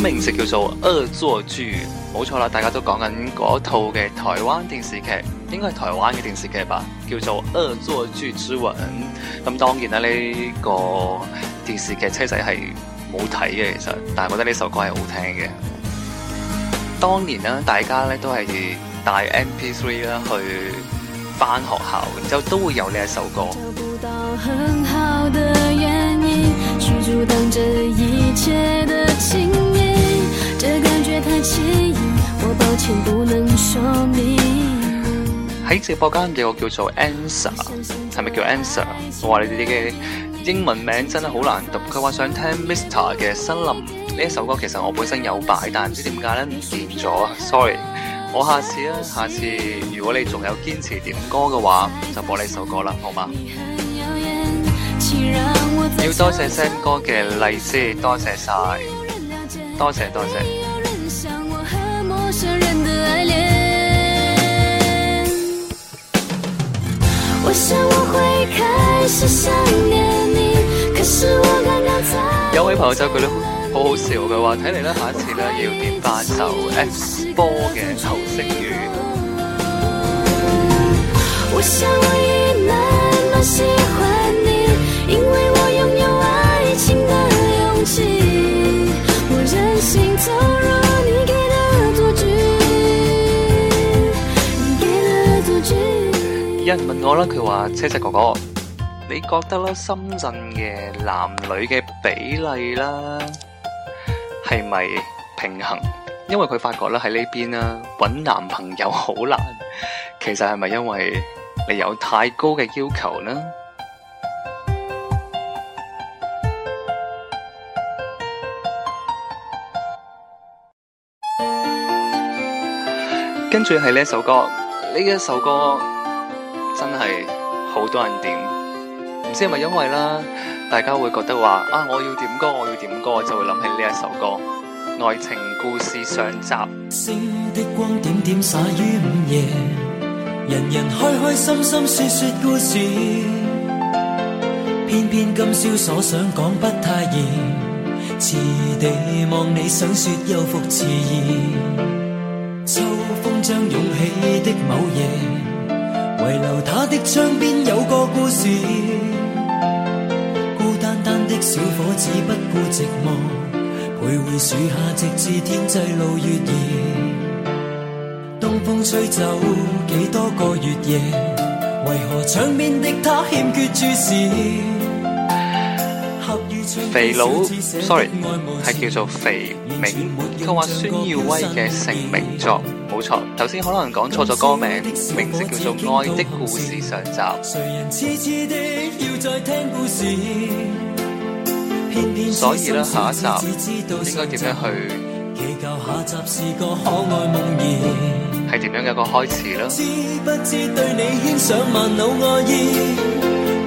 名字叫做《惡作劇》，冇錯啦！大家都講緊嗰套嘅台灣電視劇，應該係台灣嘅電視劇吧？叫做《惡作劇之吻》。咁當然啦，呢、這個電視劇車仔係冇睇嘅，其實，但係我覺得呢首歌係好聽嘅。當年咧，大家咧都係帶 M P three 啦去翻學校，然就都會有呢一首歌。喺直播間有個叫做 answer，係咪叫 answer？我話你哋嘅英文名真係好難讀。佢話想聽 Mr. 嘅《森林》呢一首歌，其實我本身有擺，但唔知點解咧唔見咗。Sorry，我下次啊，下次如果你仲有堅持點歌嘅話，就播呢首歌啦，好嗎？讓我要多謝聲哥嘅麗姐，多謝晒，多謝多謝。 (noise) 有位朋友就覺得好好笑嘅話，睇嚟咧，下次呢一次咧要點翻首 X 波嘅流星雨。 (noise) 有人問我啦，佢話：車仔哥哥，你覺得啦，深圳嘅男女嘅比例啦，係咪平衡？因為佢發覺啦，喺呢邊啊，搵男朋友好難。其實係咪因為你有太高嘅要求呢？跟住係呢一首歌，呢一首歌真係好多人點，唔知係咪因為啦，大家會覺得話啊，我要點歌，我要點歌，我就會諗起呢一首歌《愛情故事》上集。星的光點點灑於午夜，人人開開心心說說故事，偏偏今宵所想講不太易，遲地望你想說又復遲疑。秋風將湧起的某夜，遺留他的窗邊有個故事。孤單單的小伙子，不顧寂寞，徘徊樹下直至天際露月兒。冬風吹走幾多個月夜，為何窗邊的他欠缺注視？肥佬，sorry，係叫做肥明。佢話孫耀威嘅成名作冇錯，頭先可能人講錯咗歌名，名稱叫做《愛的故事》上集。所以呢，下一集應該點樣去？係點樣嘅一個開始咧？嗯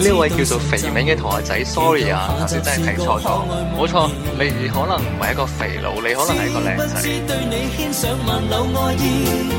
呢位叫做肥明嘅同學仔，sorry 啊，頭先真係睇錯咗，冇錯，你可能唔係一個肥佬，你可能係一個靚仔。似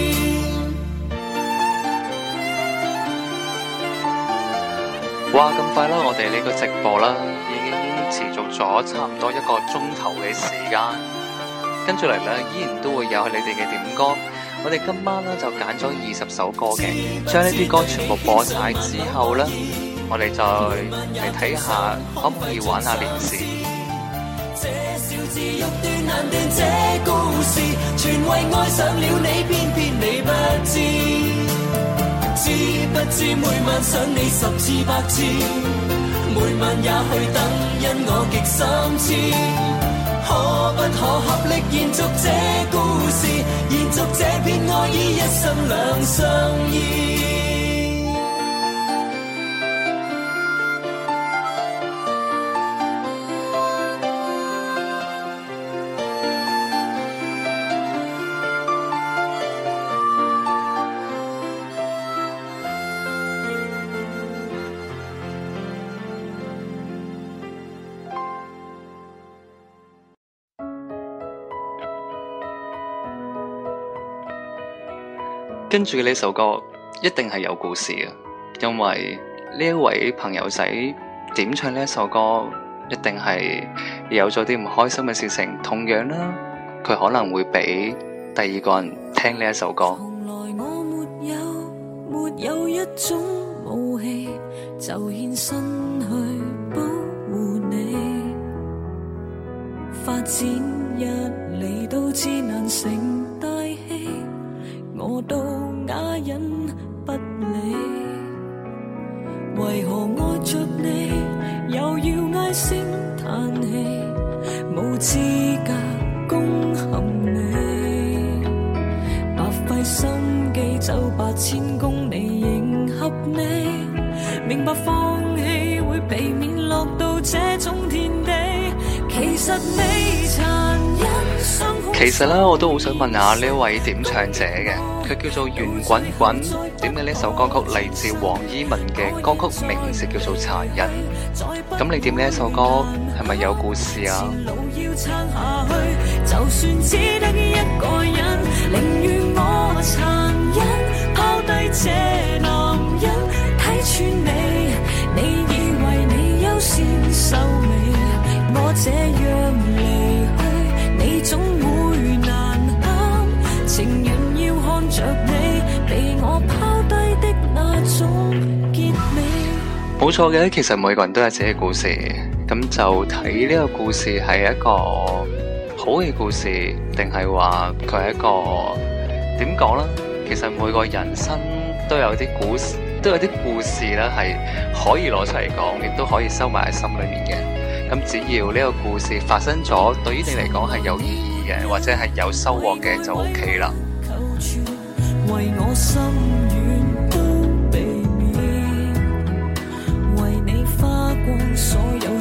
哇！咁快啦，我哋呢個直播啦，已經持續咗差唔多一個鐘頭嘅時間，跟住嚟咧依然都會有你哋嘅點歌。我哋今晚咧就揀咗二十首歌嘅，將呢啲歌全部播晒之後咧，我哋再嚟睇下可唔可以玩下連線。這小不知每晚想你十次百次，每晚也去等，因我極心痴。可不可合力延續這故事，延續這片愛意，一生兩相依。跟住呢首歌一定係有故事嘅。因為呢一位朋友仔點唱呢一首歌，一定係有咗啲唔開心嘅事情，同樣啦，佢可能會俾第二個人聽呢一首歌。從來我沒有，沒有一種武器，就獻身去保護你。其實呢，我都好想問下呢位點唱者嘅，佢叫做圓滾滾，點解呢首歌曲嚟自黃伊汶嘅歌曲名字叫做《殘忍》？咁你點呢一首歌係咪有故事啊？ (music) 冇錯嘅，其實每個人都有自己嘅故事，咁就睇呢個故事係一個好嘅故事，定係話佢係一個點講呢？其實每個人生都有啲故事，都有啲故事咧係可以攞出嚟講，亦都可以收埋喺心裏面嘅。咁只要呢個故事發生咗，對於你嚟講係有意義嘅，或者係有收穫嘅，就 OK 啦。為我為我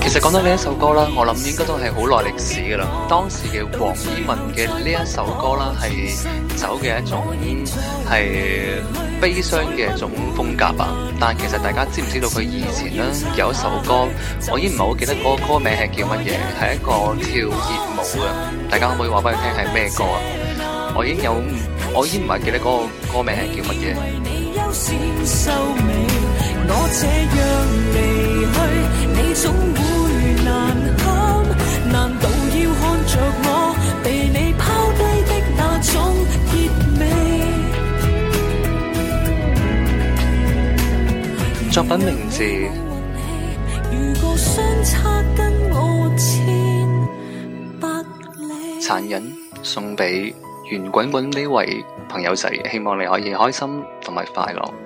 其實講到呢一首歌啦，我諗應該都係好耐歷史噶啦。當時嘅黃以文嘅呢一首歌啦，係走嘅一種係悲傷嘅一種風格啊。但係其實大家知唔知道佢以前呢有一首歌，我已經唔係好記得嗰個歌名係叫乜嘢？係一個跳熱舞嘅，大家可唔可以話俾佢聽係咩歌啊？我已經有我已經唔係記得嗰個歌名係叫乜嘢？作品名字：殘忍。送俾圓滾滾呢位朋友仔，希望你可以開心同埋快樂。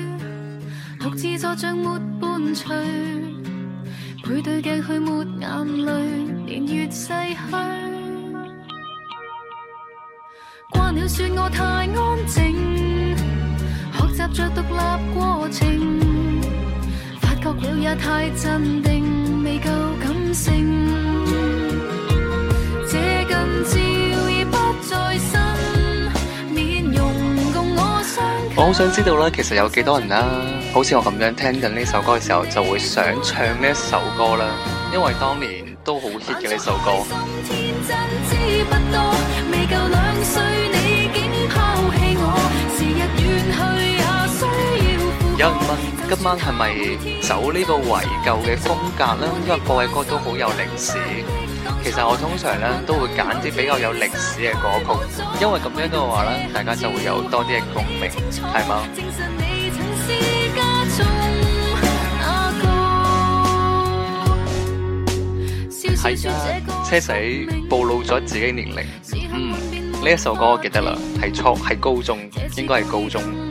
獨自坐著沒伴隨，背對鏡去抹眼淚，年月逝去。慣了說我太安靜，學習着獨立過程，發覺了也太鎮定，未夠感性。我好想知道啦，其實有幾多人啦，啊？好似我咁樣聽緊呢首歌嘅時候，就會想唱呢一首歌啦。因為當年都好 hit 嘅呢首歌。有人問今晚係咪走個呢個懷舊嘅風格咧？因為各位歌都好有歷史。其實我通常咧都會揀啲比較有歷史嘅歌曲，因為咁樣嘅話咧，大家就會有多啲嘅共鳴，係咪？係啊，車仔暴露咗自己年齡，嗯，呢 (music) 首歌我記得啦，係初係高中，應該係高中。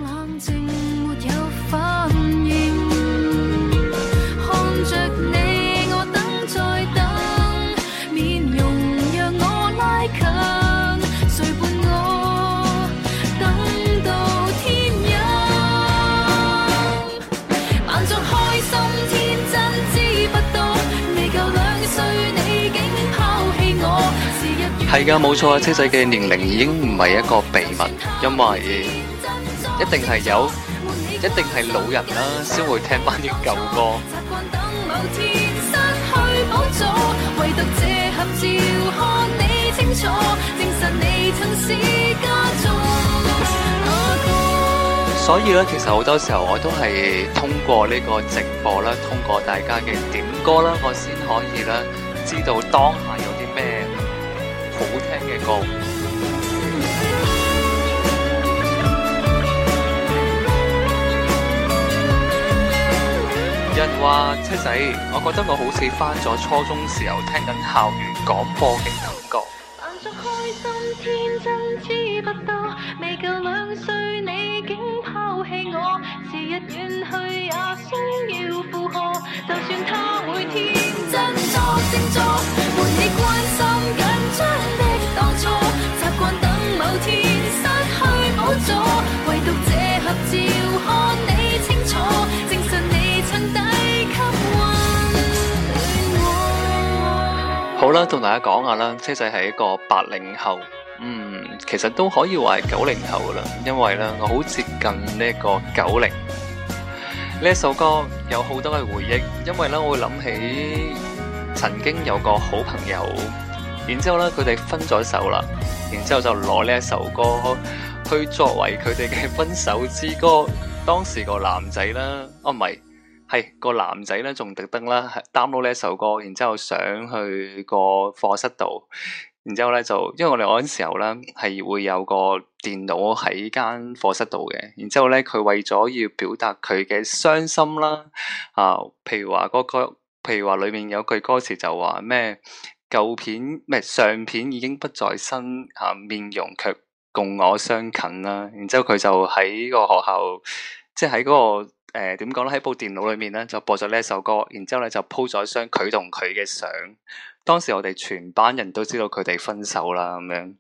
係噶，冇錯啊！車仔嘅年齡已經唔係一個秘密，因為一定係有，一定係老人啦，先會聽翻啲舊歌。 (music) 所以咧，其實好多時候我都係通過呢個直播啦，通過大家嘅點歌啦，我先可以咧知道當下有啲咩。好聽嘅歌。嗯，人。人話七仔，我覺得我好似返咗初中時候聽緊校園廣播嘅感覺。好啦，同大家講下啦，車仔係一個八零後，嗯，其實都可以話係九零後啦，因為咧我好接近呢一個九零。呢一首歌有好多嘅回憶，因為咧我會諗起曾經有個好朋友，然之後咧佢哋分咗手啦，然之後就攞呢一首歌。佢作為佢哋嘅分手之歌，當時個男仔啦，哦唔係，係個男仔咧，仲特登啦，download 呢一首歌，然之後上去個課室度，然之後咧就，因為我哋嗰陣時候咧係會有個電腦喺間課室度嘅，然之後咧佢為咗要表達佢嘅傷心啦，啊，譬如話嗰歌，譬如話裏面有句歌詞就話咩舊片唔係相片已經不在身，啊，面容卻。共我相近啦，然之後佢就喺個學校，即係喺嗰個誒點講咧？喺、呃、部電腦裏面咧，就播咗呢一首歌，然之後咧就 po 咗、e、一張佢同佢嘅相。當時我哋全班人都知道佢哋分手啦，咁樣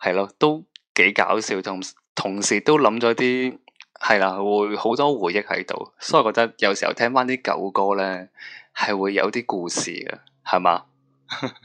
係咯，都幾搞笑。同同時都諗咗啲係啦，會好多回憶喺度。所以我覺得有時候聽翻啲舊歌咧，係會有啲故事嘅，係嘛？ (laughs)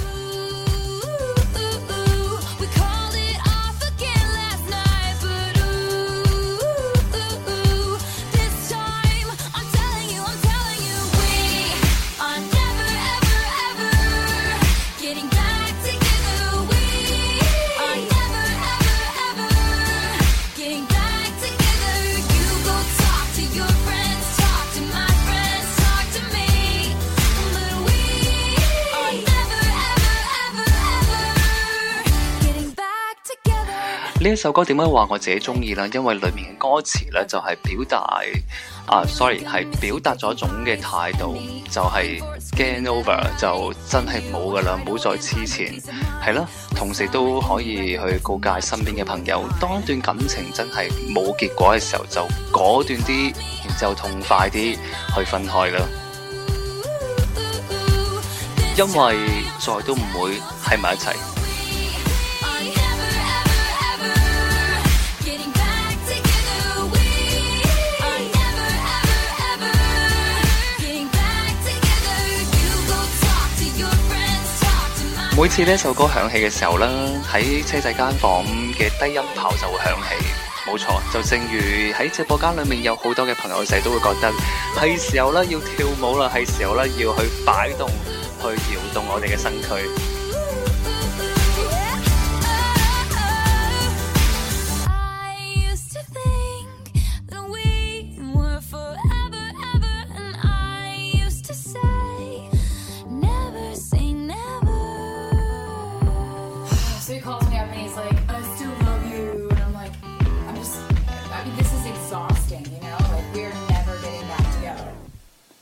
呢首歌點解話我自己中意啦？因為裏面嘅歌詞咧就係表達啊，sorry 係表達咗一種嘅態度，就係、是、game over，就真係冇噶啦，唔好再黐纏係啦。同時都可以去告誡身邊嘅朋友，當一段感情真係冇結果嘅時候，就果斷啲，然之後痛快啲去分開啦。因為再都唔會喺埋一齊。每次呢首歌響起嘅時候啦，喺車仔間房嘅低音炮就會響起。冇錯，就正如喺直播間裏面有好多嘅朋友仔都會覺得係時候啦，要跳舞啦，係時候啦，要去擺動、去搖動我哋嘅身軀。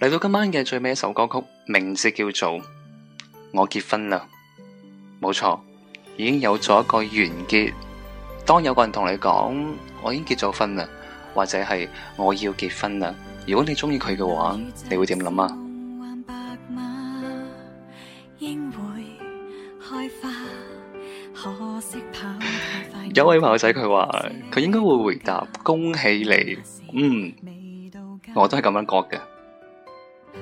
嚟到今晚嘅最尾一首歌曲，名字叫做《我結婚啦》，冇錯，已經有咗一個完結。當有個人同你講我已經結咗婚啦，或者係我要結婚啦，如果你鍾意佢嘅話，你會點諗啊？有位朋友仔佢話佢應該會回答恭喜你，嗯，我都係咁樣覺嘅。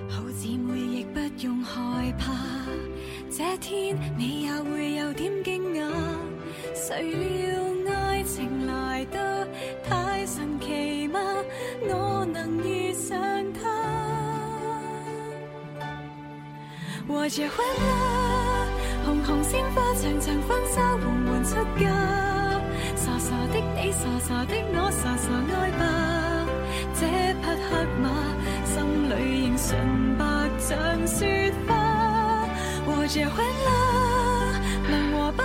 好姊妹亦不用害怕，這天你也會有點驚訝。誰料愛情來得太神奇嗎？我能遇上他。和這婚禮，紅紅鮮花，長長婚紗，緩緩出嫁。傻傻的你，傻傻的我，傻傻愛吧。這匹黑馬。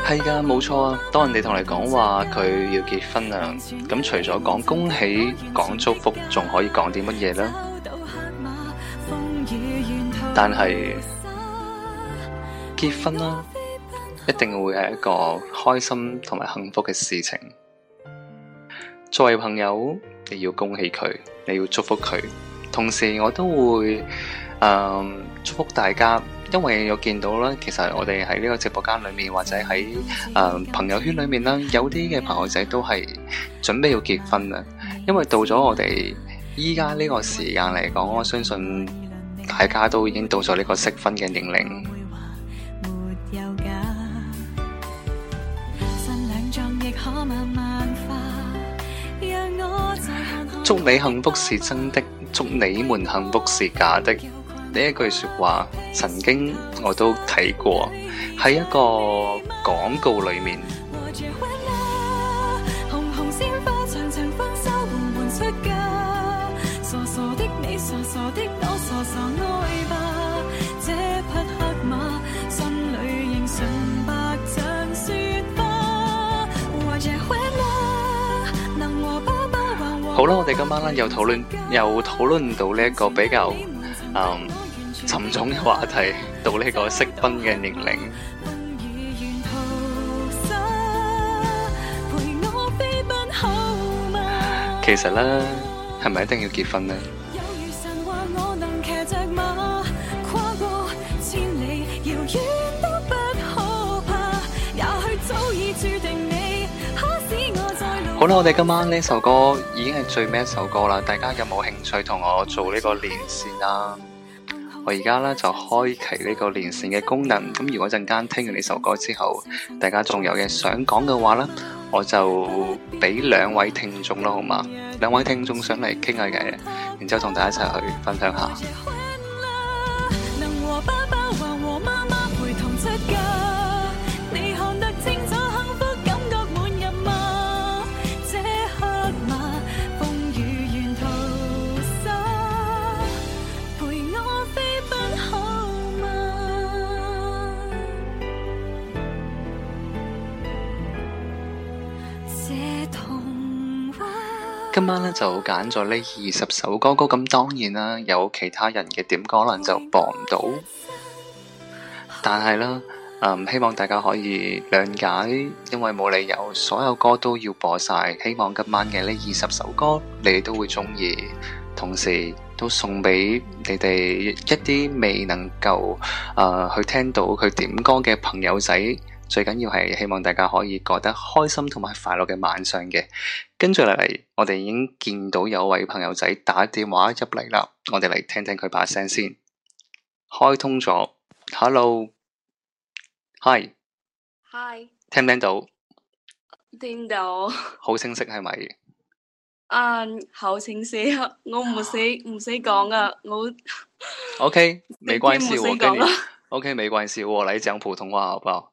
係噶，冇錯啊！當人哋同你講話佢要結婚啊，咁除咗講恭喜、講祝福，仲可以講啲乜嘢呢？但係結婚啦，一定會係一個開心同埋幸福嘅事情。作為朋友，你要恭喜佢，你要祝福佢。同時我都會誒祝福大家，因為我見到啦，其實我哋喺呢個直播間裏面，或者喺誒、呃、朋友圈裏面啦，有啲嘅朋友仔都係準備要結婚啦。因為到咗我哋依家呢個時間嚟講，我相信大家都已經到咗呢個適婚嘅年齡。祝你幸福是真的，祝你們幸福是假的。呢一句說話，曾經我都睇過，喺一個廣告裏面。好啦，我哋今晚又討論又討論到呢一個比較、呃、沉重嘅話題，到呢個適婚嘅年齡。其實咧，係咪一定要結婚呢？好啦，我哋今晚呢首歌已經係最尾一首歌啦。大家有冇興趣同我做呢個連線啊？我而家呢就開啟呢個連線嘅功能。咁如果陣間聽完呢首歌之後，大家仲有嘢想講嘅話呢，我就俾兩位聽眾咯，好嘛？兩位聽眾上嚟傾下偈，然之後同大家一齊去分享下。今晚咧就揀咗呢二十首歌曲，咁當然啦，有其他人嘅點歌可能就播唔到，但係啦，嗯，希望大家可以諒解，因為冇理由所有歌都要播晒。希望今晚嘅呢二十首歌，你哋都會中意，同時都送俾你哋一啲未能夠誒去聽到佢點歌嘅朋友仔。最緊要係希望大家可以過得開心同埋快樂嘅晚上嘅。跟住落嚟，我哋已經見到有位朋友仔打電話入嚟啦。我哋嚟聽聽佢把聲先，開通咗。Hello，Hi，Hi，Hi. 聽唔聽到？聽到， (laughs) 好清晰係咪？啊，uh, 好清晰啊！我唔使唔使講啊，我 (laughs) OK，沒關係，我跟你 OK，沒關係，我來講普通話，好不好？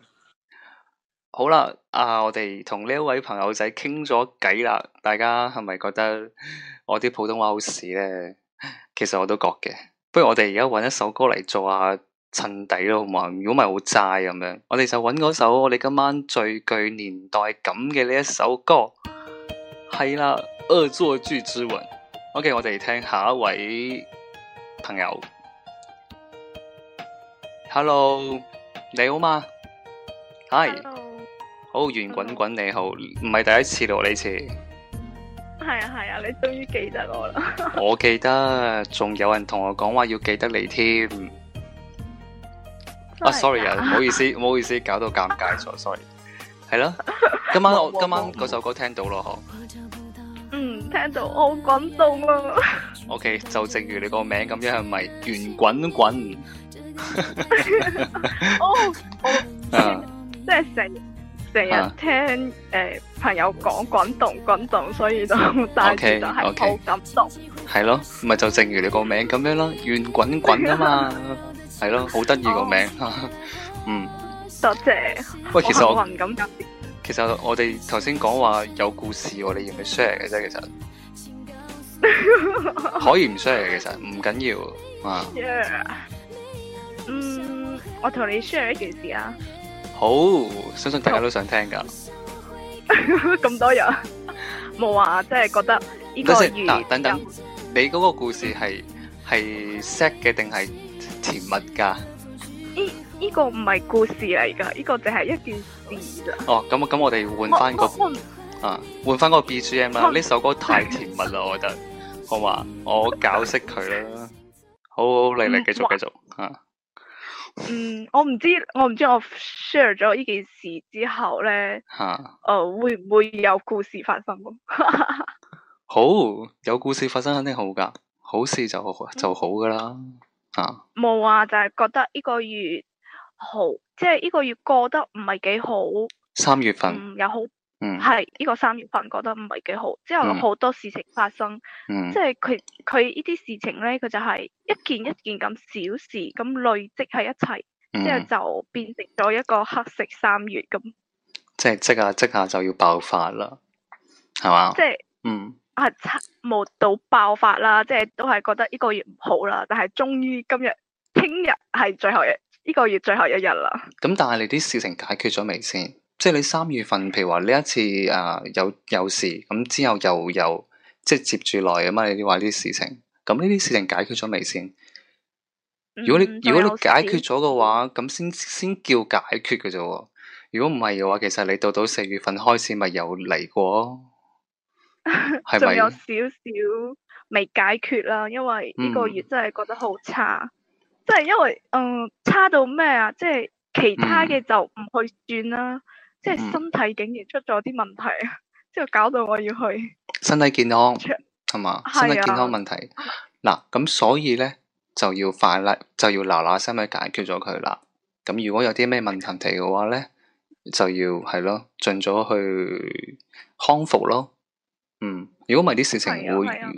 好啦，啊，我哋同呢一位朋友仔傾咗偈啦，大家係咪覺得我啲普通話好屎咧？其實我都覺嘅，不如我哋而家揾一首歌嚟做下襯底咯，好嘛？如果唔係好齋咁樣，我哋就揾嗰首我哋今晚最具年代感嘅呢一首歌，係啦，《惡作劇之吻》。OK，我哋聽下一位朋友，Hello，你好嘛？Hi。好圓滾滾，你好，唔係第一次咯，呢次係啊係啊，你終於記得我啦！我記得，仲有人同我講話要記得你添。啊，sorry 啊，唔好意思，唔好意思，搞到尷尬咗，sorry。係咯，今晚我今晚嗰首歌聽到咯，嗬。嗯，聽到，好滾動啦。OK，就正如你個名咁樣，係咪圓滾滾？哦，嗯，即係成成日聽誒朋友講滾動滾動，所以就但係就係好感動。係咯，咪就正如你個名咁樣咯，圓滾滾噶嘛，係咯，好得意個名。嗯，多謝。喂，其實我，其實我我哋頭先講話有故事，你要唔要 share 嘅啫？其實可以唔 share 嘅，其實唔緊要啊。嗯，我同你 share 一件事啊。好，oh, 相信大家都想聽噶。咁 (laughs) 多人冇話， (laughs) 即係覺得呢個。嗱，等等，你嗰個故事係係 set 嘅定係甜蜜噶？呢依、這個唔係故事嚟噶，呢、這個就係一件事。哦、oh,，咁咁，我哋換翻個啊，換翻個 BGM 啊。呢我首歌太甜蜜啦， (laughs) 我覺得。好嘛，我搞識佢啦。好，嚟嚟，繼續繼續，繼續啊！.嗯，我唔知，我唔知我 share 咗呢件事之後咧，誒、啊呃，會唔會有故事發生？ (laughs) 好，有故事發生肯定好㗎，好事就好就好㗎啦，啊，冇啊，就係、是、覺得呢個月好，即係呢個月過得唔係幾好。三月份、嗯、有好。係呢、嗯這個三月份覺得唔係幾好，之後好多事情發生，嗯、即係佢佢呢啲事情咧，佢就係一件一件咁小事咁累積喺一齊，之後、嗯、就變成咗一個黑色三月咁。即係即下即下就要爆發啦，係嘛？即係是嗯，係差唔多到爆發啦，即、就、係、是、都係覺得呢個月唔好啦。但係終於今日聽日係最後一呢、這個月最後一日啦。咁但係你啲事情解決咗未先？即係你三月份，譬如話呢一次啊有有事，咁之後又又即係接住來啊嘛？你話呢啲事情，咁呢啲事情解決咗未先？如果你如果你解決咗嘅話，咁先先叫解決嘅啫。如果唔係嘅話，其實你到到四月份開始咪又嚟過咯。仲有少少未解決啦，因為呢個月真係覺得好差，即係、嗯、因為誒、呃、差到咩啊？即係其他嘅就唔去算啦。嗯嗯。即係身體竟然出咗啲問題啊！即係搞到我要去身體健康係嘛？ (laughs) 身體健康問題嗱，咁是、啊、所以咧就要快啦，就要嗱嗱聲去解決咗佢啦。咁如果有啲咩問題嘅話咧，就要係咯，盡咗去康復咯。嗯，如果唔係啲事情會，啊啊、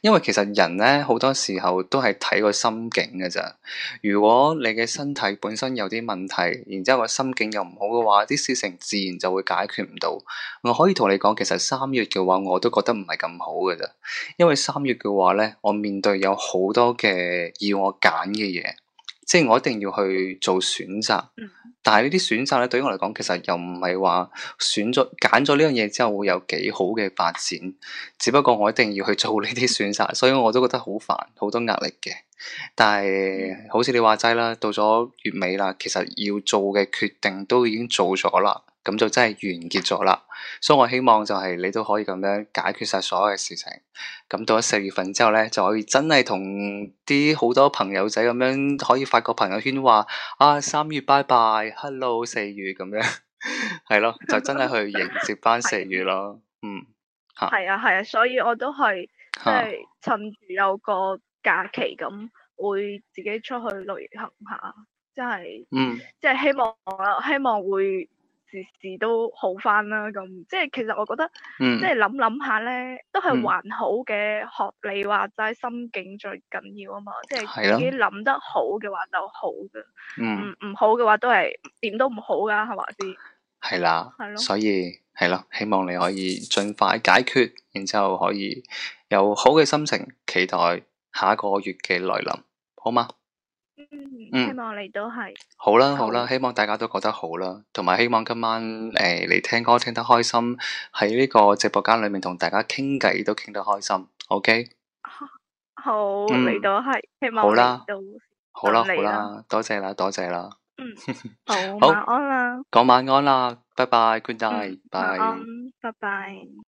因為其實人咧好多時候都係睇個心境㗎咋，如果你嘅身體本身有啲問題，然之後個心境又唔好嘅話，啲事情自然就會解決唔到。我可以同你講，其實三月嘅話，我都覺得唔係咁好㗎咋，因為三月嘅話咧，我面對有好多嘅要我揀嘅嘢。即係我一定要去做選擇，但係呢啲選擇咧對於我嚟講，其實又唔係話選咗、揀咗呢樣嘢之後會有幾好嘅發展。只不過我一定要去做呢啲選擇，所以我都覺得好煩、好多壓力嘅。但係好似你話齋啦，到咗月尾啦，其實要做嘅決定都已經做咗啦。咁就真係完結咗啦，所以我希望就係你都可以咁樣解決晒所有嘅事情。咁到咗四月份之後咧，就可以真係同啲好多朋友仔咁樣可以發個朋友圈話：啊，三月拜拜，hello 四月咁樣，係 (laughs) 咯，就真係去迎接翻四月咯。 (laughs) 嗯，係啊，係啊，所以我都係即係趁住有個假期咁，會自己出去旅行下，即係，嗯，即係希望，希望會。事都好返啦，咁即係其實我覺得，即係諗諗下咧，都係還好嘅。學、嗯、你話齋，心境最緊要啊嘛，即係自己諗得好嘅話就好嘅，唔唔、嗯、好嘅話都係點都唔好噶，係咪先？係啦，係咯、嗯，啦，所以係咯，希望你可以盡快解決，然之後可以有好嘅心情，期待下一個月嘅來臨，好嗎？嗯，希望你都係。好啦，好啦，希望大家都覺得好啦，同埋希望今晚誒嚟聽歌聽得開心，喺呢個直播間裏面同大家傾偈都傾得開心。OK？好，你都係，希望我都順利啦。好啦，好啦，多謝啦，多謝啦。嗯，好，晚安啦。講晚安啦，拜拜，good night，拜。拜拜。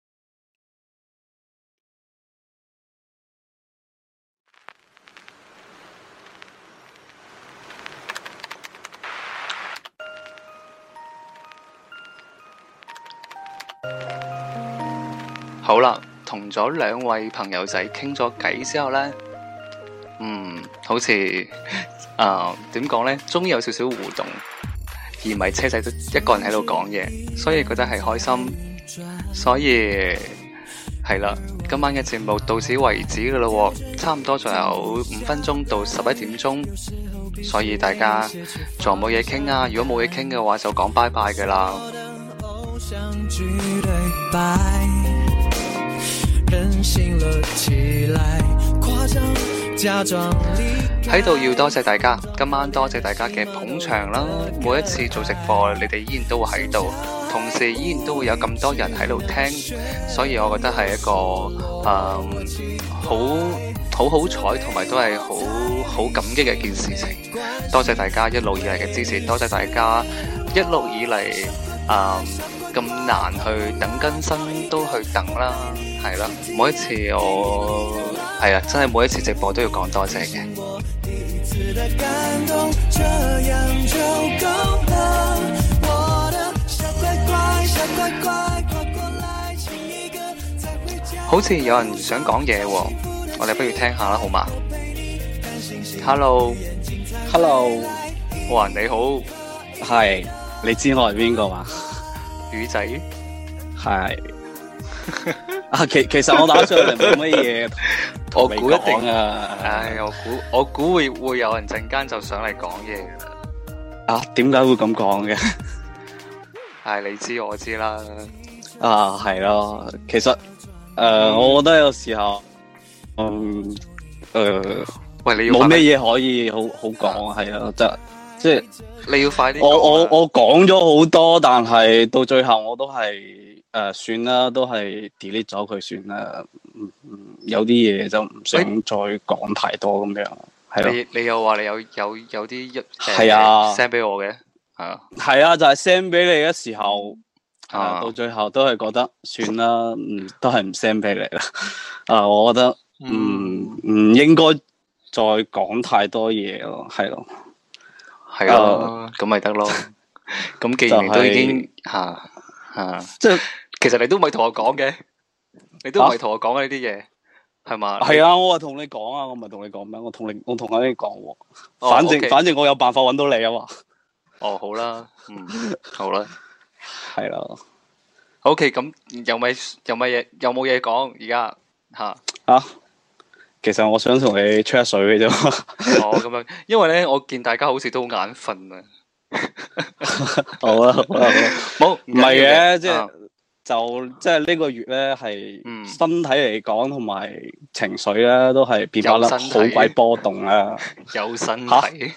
好啦，同咗兩位朋友仔傾咗偈之後呢，嗯，好似啊，點、呃、講呢？終於有少少互動，而唔係車仔都一個人喺度講嘢，所以覺得係開心。所以係啦，今晚嘅節目到此為止噶咯，差唔多仲有五分鐘到十一點鐘，所以大家仲冇嘢傾啊。如果冇嘢傾嘅話，就講拜拜噶啦。喺度要多謝大家，今晚多謝大家嘅捧場啦！每一次做直播，你哋依然都會喺度，同時依然都會有咁多人喺度聽，所以我覺得係一個誒好好好彩，同埋都係好好感激嘅一件事情。多謝大家一路以嚟嘅支持，多謝大家一路以嚟，誒。呃咁難去等更新都去等啦，係啦，每一次我係啊，真係每一次直播都要講多謝嘅。 (music) 好似有人想講嘢喎，我哋不如聽下啦，好嘛？Hello，Hello，哇，你好，係你知我係邊個嘛？魚仔係啊，其實其實我打出嚟冇乜嘢，我估一定啊！唉，我估我估會會有人陣間就上嚟講嘢嘅。啊，點解會咁講嘅？係、 (laughs) 哎、你知我知啦。啊，係咯，其實誒、呃，我覺得有時候，嗯，誒、呃，喂，你冇咩嘢可以好好講啊？係啊了，真、嗯。即即係你要快啲講。我我我講咗好多，但係到最後我都係誒、呃、算啦，都係 delete 咗佢算啦、嗯嗯。有啲嘢就唔想再講太多咁、欸、樣。係咯。你又話你有有有啲一係啊 send 俾我嘅，係啊係啊，就係 send 俾你嘅時候、呃、啊，啊，到最後都係覺得算啦，嗯，都係唔 send 俾你啦。啊、 (laughs) 嗯，我覺得唔唔、嗯、應該再講太多嘢咯，係咯、啊。係咯，咁咪得咯。咁、uh, (laughs) 既然都已經吓吓，即係其實你都唔係同我講嘅，你都唔係同我講呢啲嘢，係嘛？係啊，我話同你講啊，我唔係同你講咩，我同你我同緊你講，哦 okay、反正反正我有辦法揾到你啊嘛。哦，好啦，嗯，好啦，係啦 (laughs) 的。OK，咁又咪又咪嘢有冇嘢講而家吓啊？啊其實我想同你吹下水嘅啫。哦，咁樣，因為咧，我見大家好似都好眼瞓啊。 (laughs) (laughs) 好啊，好。冇唔係嘅，即係就即係呢個月咧，係、嗯、身體嚟講同埋情緒咧，都係變化得好鬼波動啦。 (laughs) 有身體。 (laughs)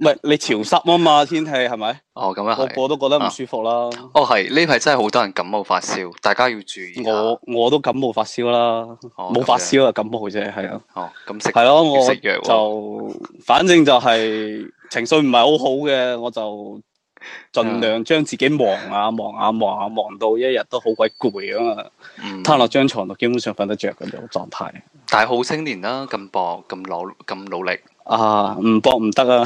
唔係你潮濕啊嘛，天氣係咪？哦，咁又係，個個都覺得唔舒服啦。啊、哦，係呢排真係好多人感冒發燒，大家要注意。我我都感冒發燒啦，冇、哦、發燒啊，感冒啫，係啊。哦，咁食係咯，我食藥就、啊、反正就係、是、情緒唔係好好嘅，我就盡量將自己忙啊忙啊忙啊忙到一日都好鬼攰啊嘛，攤落張床度，基本上瞓得着咁樣狀態。大、嗯、好青年啦、啊，咁搏咁努咁努力。啊！唔搏唔得啊，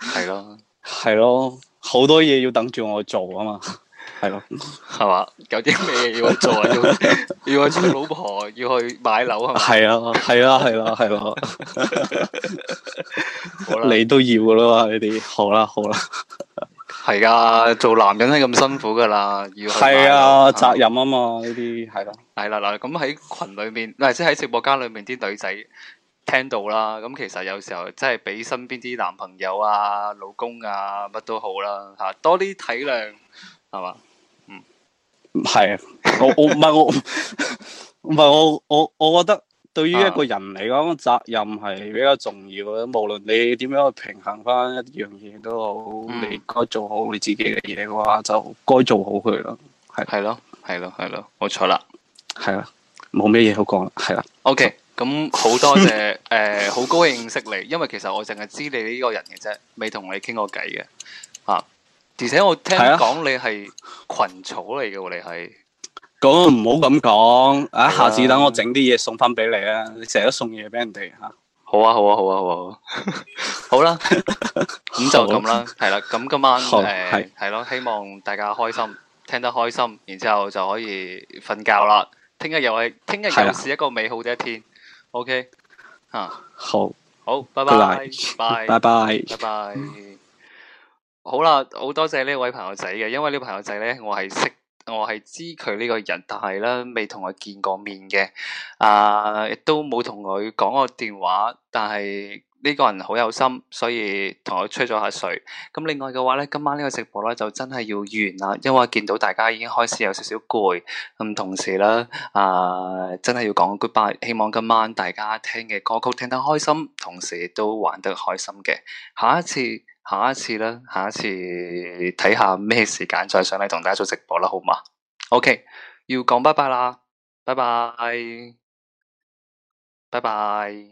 係咯，係咯，好多嘢要等住我做啊嘛，係咯，係嘛，有啲咩嘢要我做，要我做老婆，要去買樓，係啊，係啊，係啦，係啦，好啦，你都要噶啦嘛，呢啲好啦，好啦，係啊，做男人係咁辛苦噶啦，要係啊，責任啊嘛，呢啲係啦，係啦，嗱，咁喺群裏面，嗱，即喺直播間裏面啲女仔。聽到啦，咁其實有時候真係俾身邊啲男朋友啊、老公啊乜都好啦，吓多啲體諒係嘛，嗯，係啊，我我唔係 (laughs) 我唔係我我我，我覺得對於一個人嚟講責任係比較重要嘅，無論你點樣去平衡翻一樣嘢都好，嗯、你該做好你自己嘅嘢嘅話就該做好佢咯，係係咯，係咯係咯，冇錯啦，係啊，冇咩嘢好講啦，係啦，OK。咁好多謝誒，好高興認識你，因為其實我淨係知你呢個人嘅啫，未同你傾過偈嘅啊。而且我聽講你係群草嚟嘅，你係。咁唔好咁講，下次等我整啲嘢送翻俾你啊！你成日都送嘢俾人哋吓。好啊好啊好啊好啊，好啦，咁就咁啦，係啦，咁今晚誒，係咯，希望大家開心，聽得開心，然之後就可以瞓覺啦。聽日又係聽日又是一個美好嘅一天。O K，啊，好 Okay .、huh. 好好，拜拜，拜拜，拜拜，拜拜 (laughs) 好啦，好多謝呢位朋友仔嘅，因為呢位朋友仔咧，我係識，我係知佢呢個人，但係咧未同佢見過面嘅，啊、呃，亦都冇同佢講過電話，但係。呢個人好有心，所以同佢吹咗下水。咁另外嘅話咧，今晚呢個直播咧就真係要完啦，因為我見到大家已經開始有少少攰。咁、嗯、同時咧，啊、呃、真係要講 goodbye，希望今晚大家聽嘅歌曲聽得開心，同時都玩得開心嘅。下一次，下一次咧，下一次睇下咩時間再上嚟同大家做直播啦，好嗎？OK，要講拜拜啦，拜拜，拜拜。